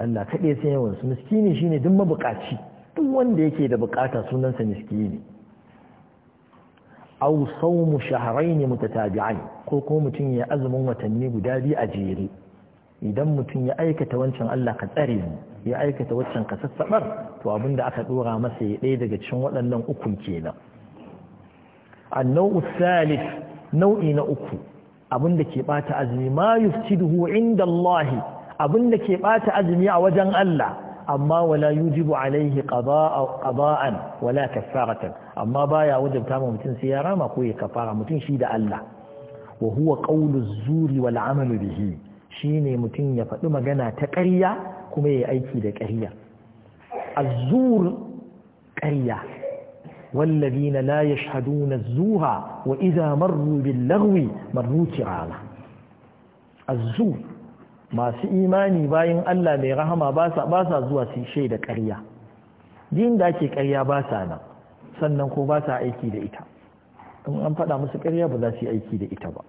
Speaker 1: Allah kaɗai sai yawan su miskini shine duk mabukaci duk wanda yake da bukata sunansa miskini aw sawmu shahrayn mutatabi'ain ko ko mutum ya azumin watanni guda biyu a jere idan mutum ya aikata wancan Allah ka tsare mu ya aikata wancan ka sassabar to abinda aka dora masa ya ɗaya daga cikin waɗannan ukun kenan annau salif nau'i na uku abinda ke bata azumi ma yuftiduhu inda Allah abin da ke ɓata azumi a wajen Allah amma wala yujibu alaihi qada'an wala kafaratan amma baya wajibta ma mutum sai ya rama ko ya kafara mutum shi da Allah wa huwa qawlu zuri wal amalu bihi shine mutum ya faɗi magana ta ƙarya kuma ya aiki da ƙarya az-zur ƙarya والذين لا يشهدون الزور وإذا مروا باللغو مروا كراما الزور masu imani bayan Allah mai rahama ba sa zuwa su da ƙarya din da ake ƙarya ba sa nan sannan ko ba sa aiki da ita in an faɗa musu ƙarya ba za su yi aiki da ita ba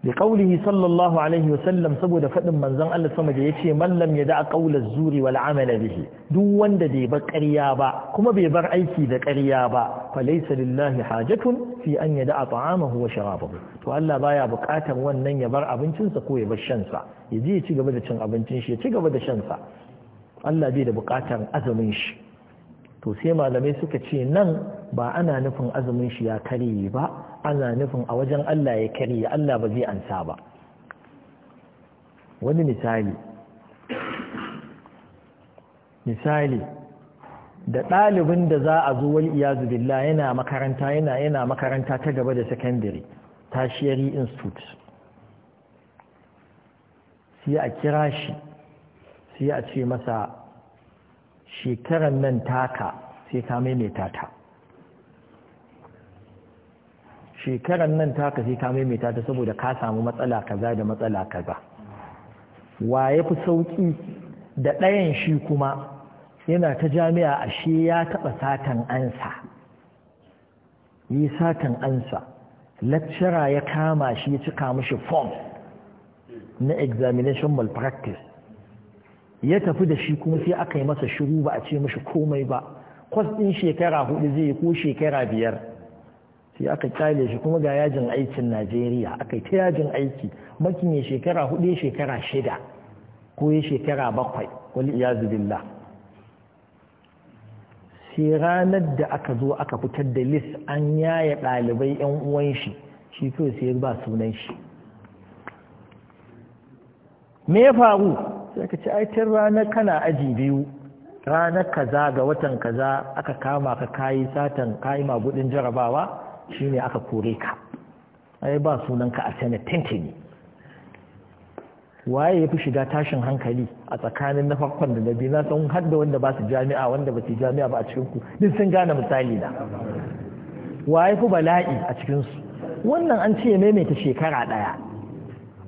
Speaker 1: bi qawlihi sallallahu alaihi wasallam saboda faɗin manzon Allah sama da yace mallam lam yada qawla zuri wal bihi duk wanda bai bar karya ba kuma bai bar aiki da karya ba fa laysa lillahi hajatun fi an yada ta'amahu wa sharabahu to Allah baya buƙatar wannan ya bar abincinsa ko ya bar shansa sa ya je ci gaba da cin abincin shi ya ci gaba da shan Allah bai da buƙatar azumin shi to sai malamai suka ce nan ba ana nufin azumin shi ya karye ba ana nufin a wajen Allah ya karye Allah ba zai ansa ba wani misali misali da ɗalibin da za a zo wal iyazu billah yana makaranta yana yana makaranta ta gaba da secondary tertiary institute sai a kira shi sai a ce masa shekaran nan taka sai ka maimaita ta shekaran nan ta sai ka maimaita ta saboda ka samu matsala kaza da matsala kaza wa ya fi sauƙi da ɗayan shi kuma yana ta jami'a ashe ya taɓa satan ansa yi satan ansa lecturer ya kama shi ya cika mashi form na examination malpractice ya tafi da shi kuma sai aka yi masa shiru ba a ce mashi komai ba kwas ɗin shekara hudu zai yi ko shekara biyar sai aka kyale shi kuma ga yajin aikin najeriya aka yi ta yajin aiki makin ya shekara hudu ya shekara shida ko ya shekara bakwai wani iyazu billah sai ranar da aka zo aka fitar da lis an yaya ɗalibai yan uwan shi shi kawai sai ba sunan shi me ya faru sai ka ci aikin ranar kana aji biyu ranar kaza ga watan kaza aka kama ka kayi satan kayi magudin jarabawa ne aka kore ka ai ba sunanka a sanar tentini waye ya fi shiga tashin hankali a tsakanin na farkon da na biyu na san hadda wanda ba su jami'a wanda ba su jami'a ba a cikinku duk sun gane misali na waye fi bala'i a cikinsu wannan an ce maimaita shekara ɗaya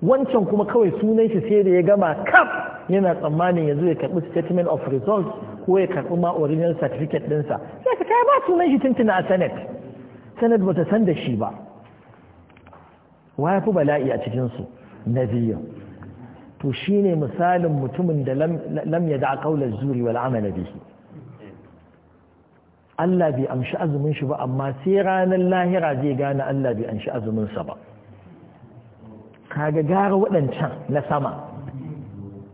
Speaker 1: wancan kuma kawai sunan shi sai da ya gama kaf yana tsammanin ya zo ya karɓi statement of results ko ya karɓi ma original certificate ɗinsa sai ka kai ba sunan shi tuntuna a senate sanad bata san da shi ba wa ku bala'i a cikinsu na biyu to shine ne misalin mutumin da lam ya da'a kaular zuri wal amala bihi Allah bai amshi azumin shi ba amma sai ranar lahira zai gane Allah bai amshi azumin sa ba kaga gara waɗancan na sama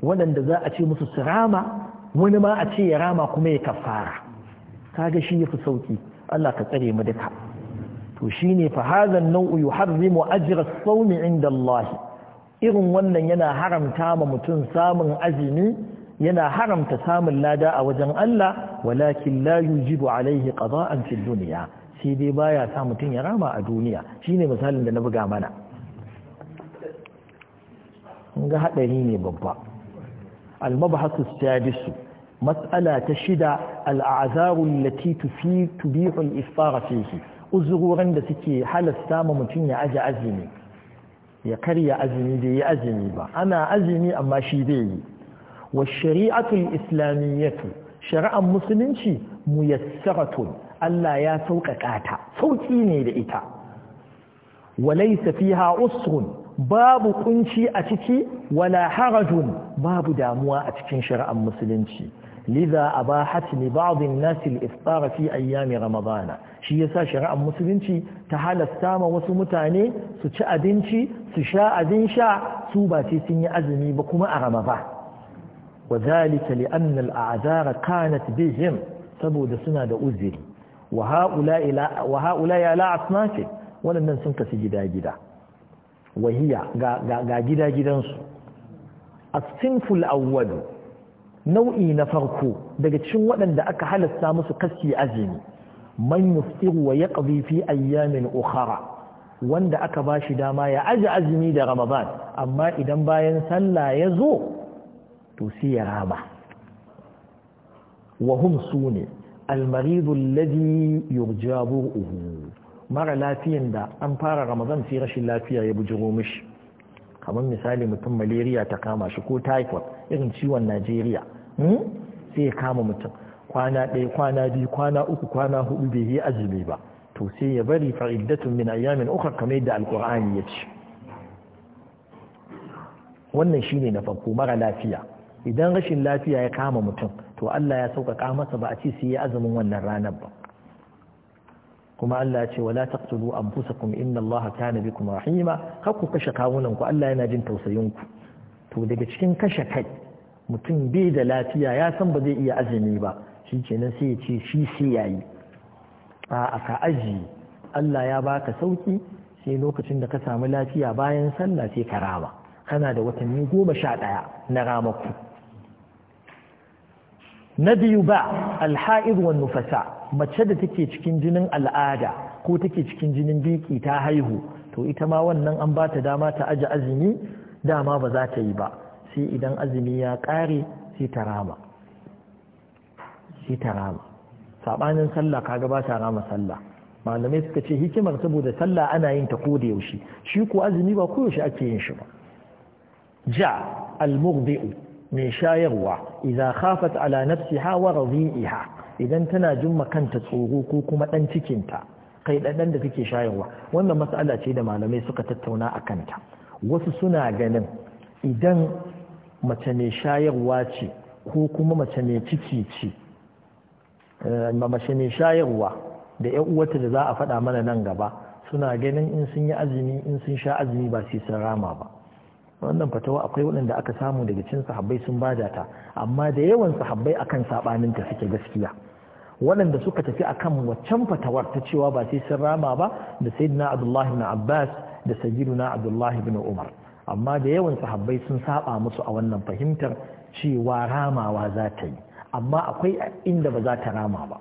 Speaker 1: waɗanda za a ce musu su rama wani ma a ce ya rama kuma ya kafara kaga shi ya fi sauƙi Allah ka tsare mu duka to shine fa hadha an-naw'u yuharrimu ajra as-sawm 'inda Allah irin wannan yana haramta ma mutum samun azumi yana haramta samun lada a wajen Allah walakin la yujibu alaihi qada'an fi dunya sai dai baya sa mutum ya rama a duniya shine misalin da na buga mana ga hadari ne babba al-mabhasu sadis mas'ala ta shida al-a'zaru allati tufi tubihu al-ifṭar fihi uzurorin da suke halasta ma mutum ya aje azumi ya karya azumi bai yi azumi ba ana azumi amma shi bai yi wa shari'atul islamiyyatu shari'ar musulunci muyassaratun Allah ya sauƙaƙa ta sauƙi ne da ita walaysa fiha usrun babu kunci a ciki wala harajun babu damuwa a cikin shari'ar musulunci liza abahat ni ba'd an-nas al-iftar fi ramadana shi yasa shari'ar musulunci ta halasta ma wasu mutane su ci abinci su sha abin sha su ba sai sun yi azumi ba kuma a rama ba wa zalika li anna al'azara kanat bihim saboda suna da uzuri wa haula ya la asnafi waɗannan sun kasu gida gida wahiya ga gida gidansu as-sinful awwal nau'i na farko daga cikin waɗanda aka halasta musu kaski azumi man yuftiru wa yaqdi fi ayyamin ukhra wanda aka bashi dama ya aji azumi da ramadan amma idan bayan sallah ya zo to sai ya rama wa hum sune al-maridu alladhi yurjabuhu mara lafiyan da an fara ramadan sai rashin lafiya ya bujiro mishi kamar misali mutum malaria ta kama shi ko typhoid irin ciwon Najeriya hmm? sai ya kama mutum kwana ɗaya kwana biyu kwana uku kwana hudu bai yi azumi ba to sai ya bari fa'iddatun min ayyamin ukhra kamar da alqur'ani ya ce wannan shine na farko mara lafiya idan rashin lafiya ya kama mutum to Allah ya sauƙaƙa masa ba a ce sai ya azumin wannan ranar ba kuma Allah ya ce wala taqtulu anfusakum inna Allah kana bikum rahima kar ku kashe kawunan ku Allah yana jin tausayin ku to daga cikin kashe kai mutum bai da lafiya ya san ba zai iya azumi ba shi sai ce shi sai ya yi a ka ajiye Allah ya baka sauki sai lokacin da ka samu lafiya bayan sallah sai ka rama kana da watanni goma sha ɗaya na ramaku na biyu ba alha'ir wa nufasa mace da take cikin jinin al'ada ko take cikin jinin biki ta haihu to ita ma wannan an ba ta dama ta aji azumi dama ba za ta yi ba sai idan azumi ya ƙare sai ta rama sai ta rama sabanin sallah kaga ba ta rama sallah malamai suka ce hikimar saboda sallah ana yin ta ko da yaushe shi ko azumi ba ko yaushe ake yin shi ba ja al-mughdi'u mai shayarwa idza khafat ala nafsiha wa radhi'iha idan tana jin kanta tsoro ko kuma dan cikin ta kai dadan da take shayarwa wannan mas'ala ce da malamai suka tattauna a kanta wasu suna ganin idan mace mai shayarwa ce ko kuma mace mai ciki ce Eh, mace shayarwa da ‘yan uwata da za a faɗa mana nan gaba suna ganin in sun yi azumi in sun sha azumi ba sai sun rama ba wannan fatawa akwai waɗanda aka samu daga cin sahabbai sun bada ta amma da yawan sahabbai akan sabanin ta suke gaskiya waɗanda suka tafi akan waccan fatawar ta cewa ba sai sun rama ba da sayyidina abdullahi ibn abbas da sayyidina abdullahi ibn umar amma da yawan sahabbai sun saba musu a wannan fahimtar cewa ramawa za ta yi amma akwai inda ba za ta rama ba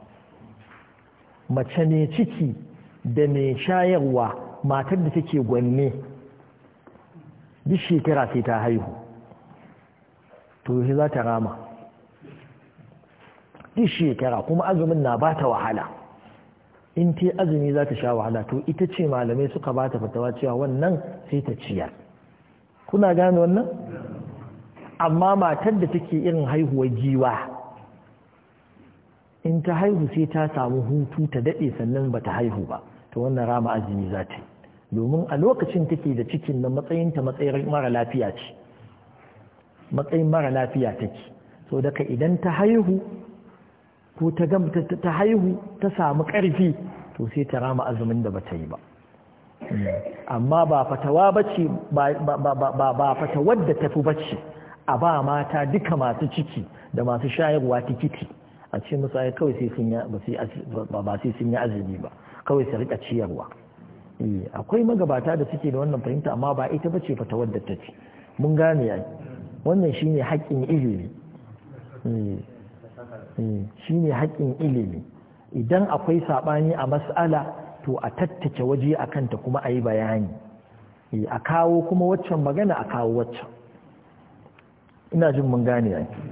Speaker 1: mace ne ciki da mai shayarwa matar da take gwanne duk shekara sai ta haihu to shi za ta rama duk shekara kuma azumin na ba ta wahala in ta azumi za ta sha wahala to ita ce malamai suka ba ta fatawa cewa wannan sai ta ciyar kuna gane wannan amma matar da take irin haihuwar giwa in ta haihu sai ta samu hutu ta daɗe sannan ba ta haihu ba ta wannan rama azumi za ta yi domin a lokacin take da cikin na matsayinta matsayin mara lafiya ce matsayin mara lafiya take so daga idan ta haihu ko ta gamta ta haihu ta samu ƙarfi to sai ta rama azumin da ba ta yi ba amma ba fatawa bace ba fatawar da tafi bace a ba mata duka masu ciki da masu shayarwa tikiti a ce musu ai kawai sai sun ba sai sun yi azumi ba kawai su rika ciyarwa eh, akwai magabata da suke da wannan fahimta amma ba ita bace fa ta wadda ta ci. mun gane yayi wannan shine haƙƙin ilimi eh, eh, shine haƙƙin ilimi idan akwai saɓani a mas'ala to a tattace waje a kanta kuma a yi bayani a kawo kuma waccan magana a kawo waccan ina jin mun gane yaki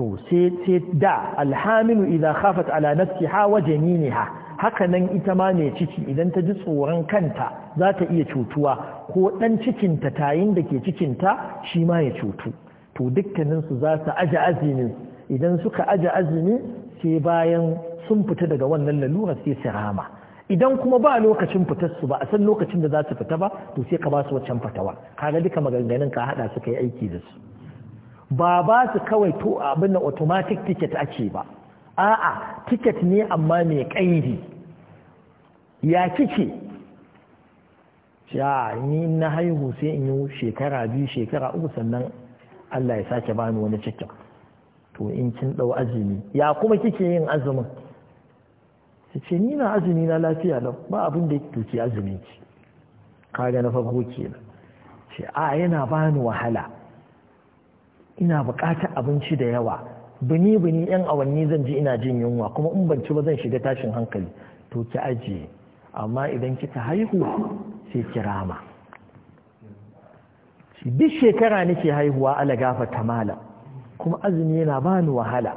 Speaker 1: to sai da alhamilu idan khafat ala nafsiha wa janiniha haka nan ita ma mai ciki idan ta ji tsoron kanta za ta iya cutuwa ko dan ta tayin da ke cikinta shi ma ya cutu to dukkaninsu za su aje azumin idan suka aje azumi sai bayan sun fita daga wannan lalura sai su rama idan kuma ba lokacin fitar su ba a san lokacin da za su fita ba to sai ka ba su wancan fatawa kaga duka maganganun ka hada suka yi aiki da su ba ba su kawai to abin da automatic ticket ake ba a'a ticket ne amma mai kairi ya kike ya ni na haihu sai in yi shekara biyu shekara uku sannan Allah ya sake bani wani cikin to in kin ɗau azumi ya kuma kike yin azumin ta ni na azumi na lafiya lau ba abin da ya tuki ki. Ka kaga na farko kenan ce a yana bani wahala ina buƙatar abinci da yawa bini bini yan awanni zan ji ina jin yunwa kuma in ban ci ba zan shiga tashin hankali to ki ajiye amma idan kika haihu sai ki rama duk shekara nake haihuwa ala gafa malam kuma azumi yana ba ni wahala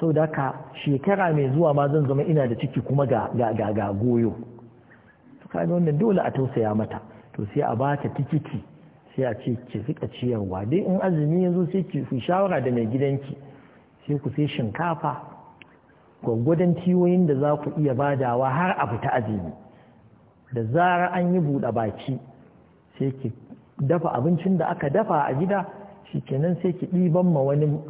Speaker 1: sau da ka shekara mai zuwa ma zan zama ina da ciki kuma ga ga ga goyo kaga wannan dole a tausaya mata to sai a bata tikiti sai a ce ki rika ciyarwa dai in azumi yanzu sai ki fi shawara da mai gidanki sai ku sai shinkafa gwaggwadon tiwoyin da za ku iya badawa har a fita azumi da zara an yi buɗe baki sai ki dafa abincin da aka dafa a gida shi sai ki ɗiban ma wani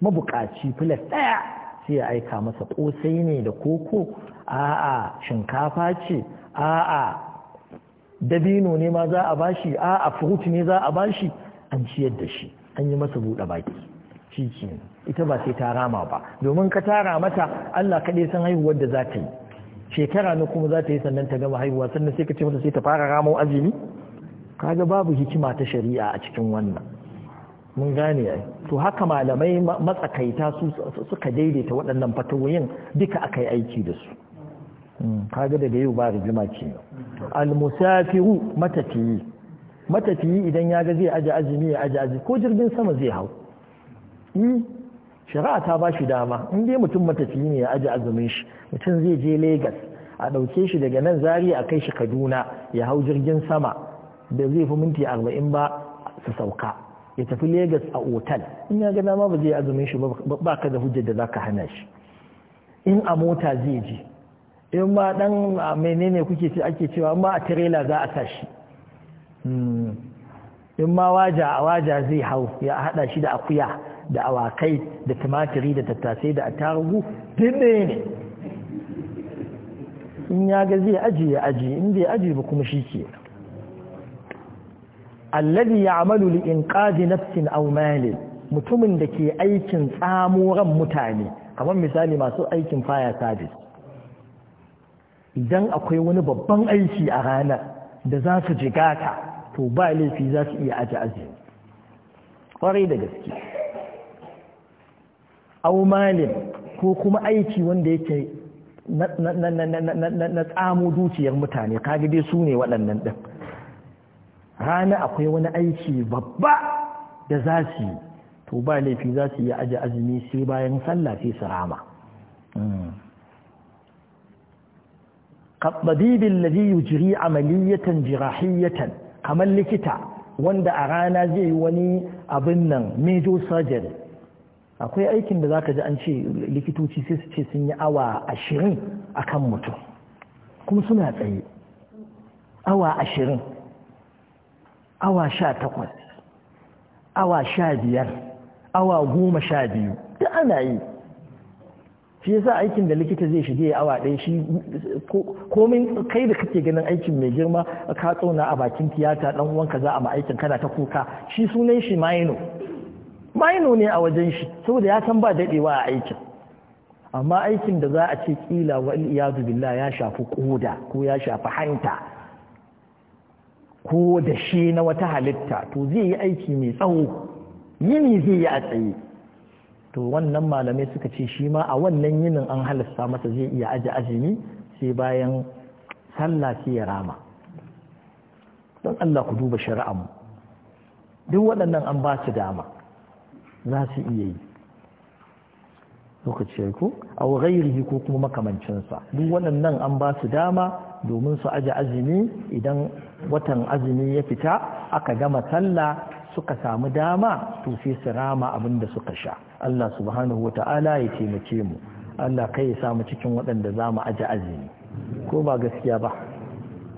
Speaker 1: mabuƙaci filas ɗaya sai ya aika masa ƙosai ne da koko a'a shinkafa ce a'a dabino ne ma za a bashi a a fruit ne za a bashi an ciyar da shi an yi masa buɗe baki shi ke ita ba sai ta rama ba domin ka tara mata Allah kaɗai san haihuwar da za ta yi shekara ne kuma za ta yi sannan ta gama haihuwa sannan sai ka ce mata sai ta fara ramo azumi kaga babu hikima ta shari'a a cikin wannan mun gane ai to haka malamai matsakaita su suka daidaita waɗannan fatawoyin duka aka yi aiki da su kaga daga yau ba rigima ke musafiru matafiyi matafiyi idan ya ga zai aje azumi ya aje azumi ko jirgin sama zai hau shari'a ta ba shi dama in dai mutum matafiyi ne ya aje azumin shi mutum zai je Legas a ɗauke shi daga nan Zariya a kai shi kaduna ya hau jirgin sama da zai fi minti arba'in ba su sauka ya tafi Legas a otal in ya ga dama ba zai azumin shi ba ka da hujjar da za ka hana shi in a mota zai je in ma dan menene kuke ce ake cewa ma a tirela za a tashi hmm. in ma waja a waja zai hau ya hada shi da akuya da awakai da tumatiri da tattasai da attarugu dinne ne in ya ga zai aji ya aji in bai aji ba kuma shi ke alladhi ya'malu li inqadhi nafsin aw mali mutumin da ke aikin tsamoran mutane kamar misali masu aikin fire service idan akwai wani babban aiki a rana da za su jigata to ba laifi za su iya aji azumi kwarai da gaske au ko kuma aiki wanda yake na tsamo dukiyar mutane kagide su ne waɗannan ɗin rana akwai wani aiki babba da za su yi to ba laifi za su iya aji azumi sai bayan sallah sai su rama hmm. kaɓadibin lazi yujiri maliyyatan jirahiyyatan kamar likita wanda a rana zai yi wani abin nan major surgery akwai aikin da zaka ji an ce likitoci sai su ce sun yi awa ashirin a kan mutum kuma suna tsaye awa ashirin awa sha takwas awa sha biyar awa goma sha biyu da ana yi shi yasa aikin da likita zai shige awa ɗaya shi komin kai da kake ganin aikin mai girma ka tsauna a bakin tiyata dan ka za a ma aikin kana ta kuka shi sunan shi maino maino ne a wajen shi saboda ya san ba dadewa a aikin amma aikin da za a ce kila wa iyadu billah ya shafi koda ko ya shafi hanta ko da shi na wata halitta to zai yi aiki mai tsawo yini zai yi a tsaye to wannan malamai suka ce shi ma a wannan yinin an halasta masa zai iya aji azumi sai bayan sallah sai ya rama don Allah ku duba mu duk waɗannan an ba su dama za su iya yi lokaci ko a ghairihi ko kuma makamancinsa duk waɗannan an ba su dama domin su aji azumi idan watan azumi ya fita aka gama sallah suka samu dama to sai su rama abin da suka sha Allah subhanahu wa ta'ala ya taimake mu Allah kai ya samu cikin waɗanda za mu aji azumi ko ba gaskiya ba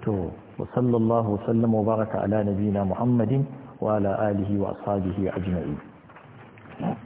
Speaker 1: to wa sallallahu sallam wa baraka ala nabiyina muhammadin wa ala alihi wa ashabihi ajma'in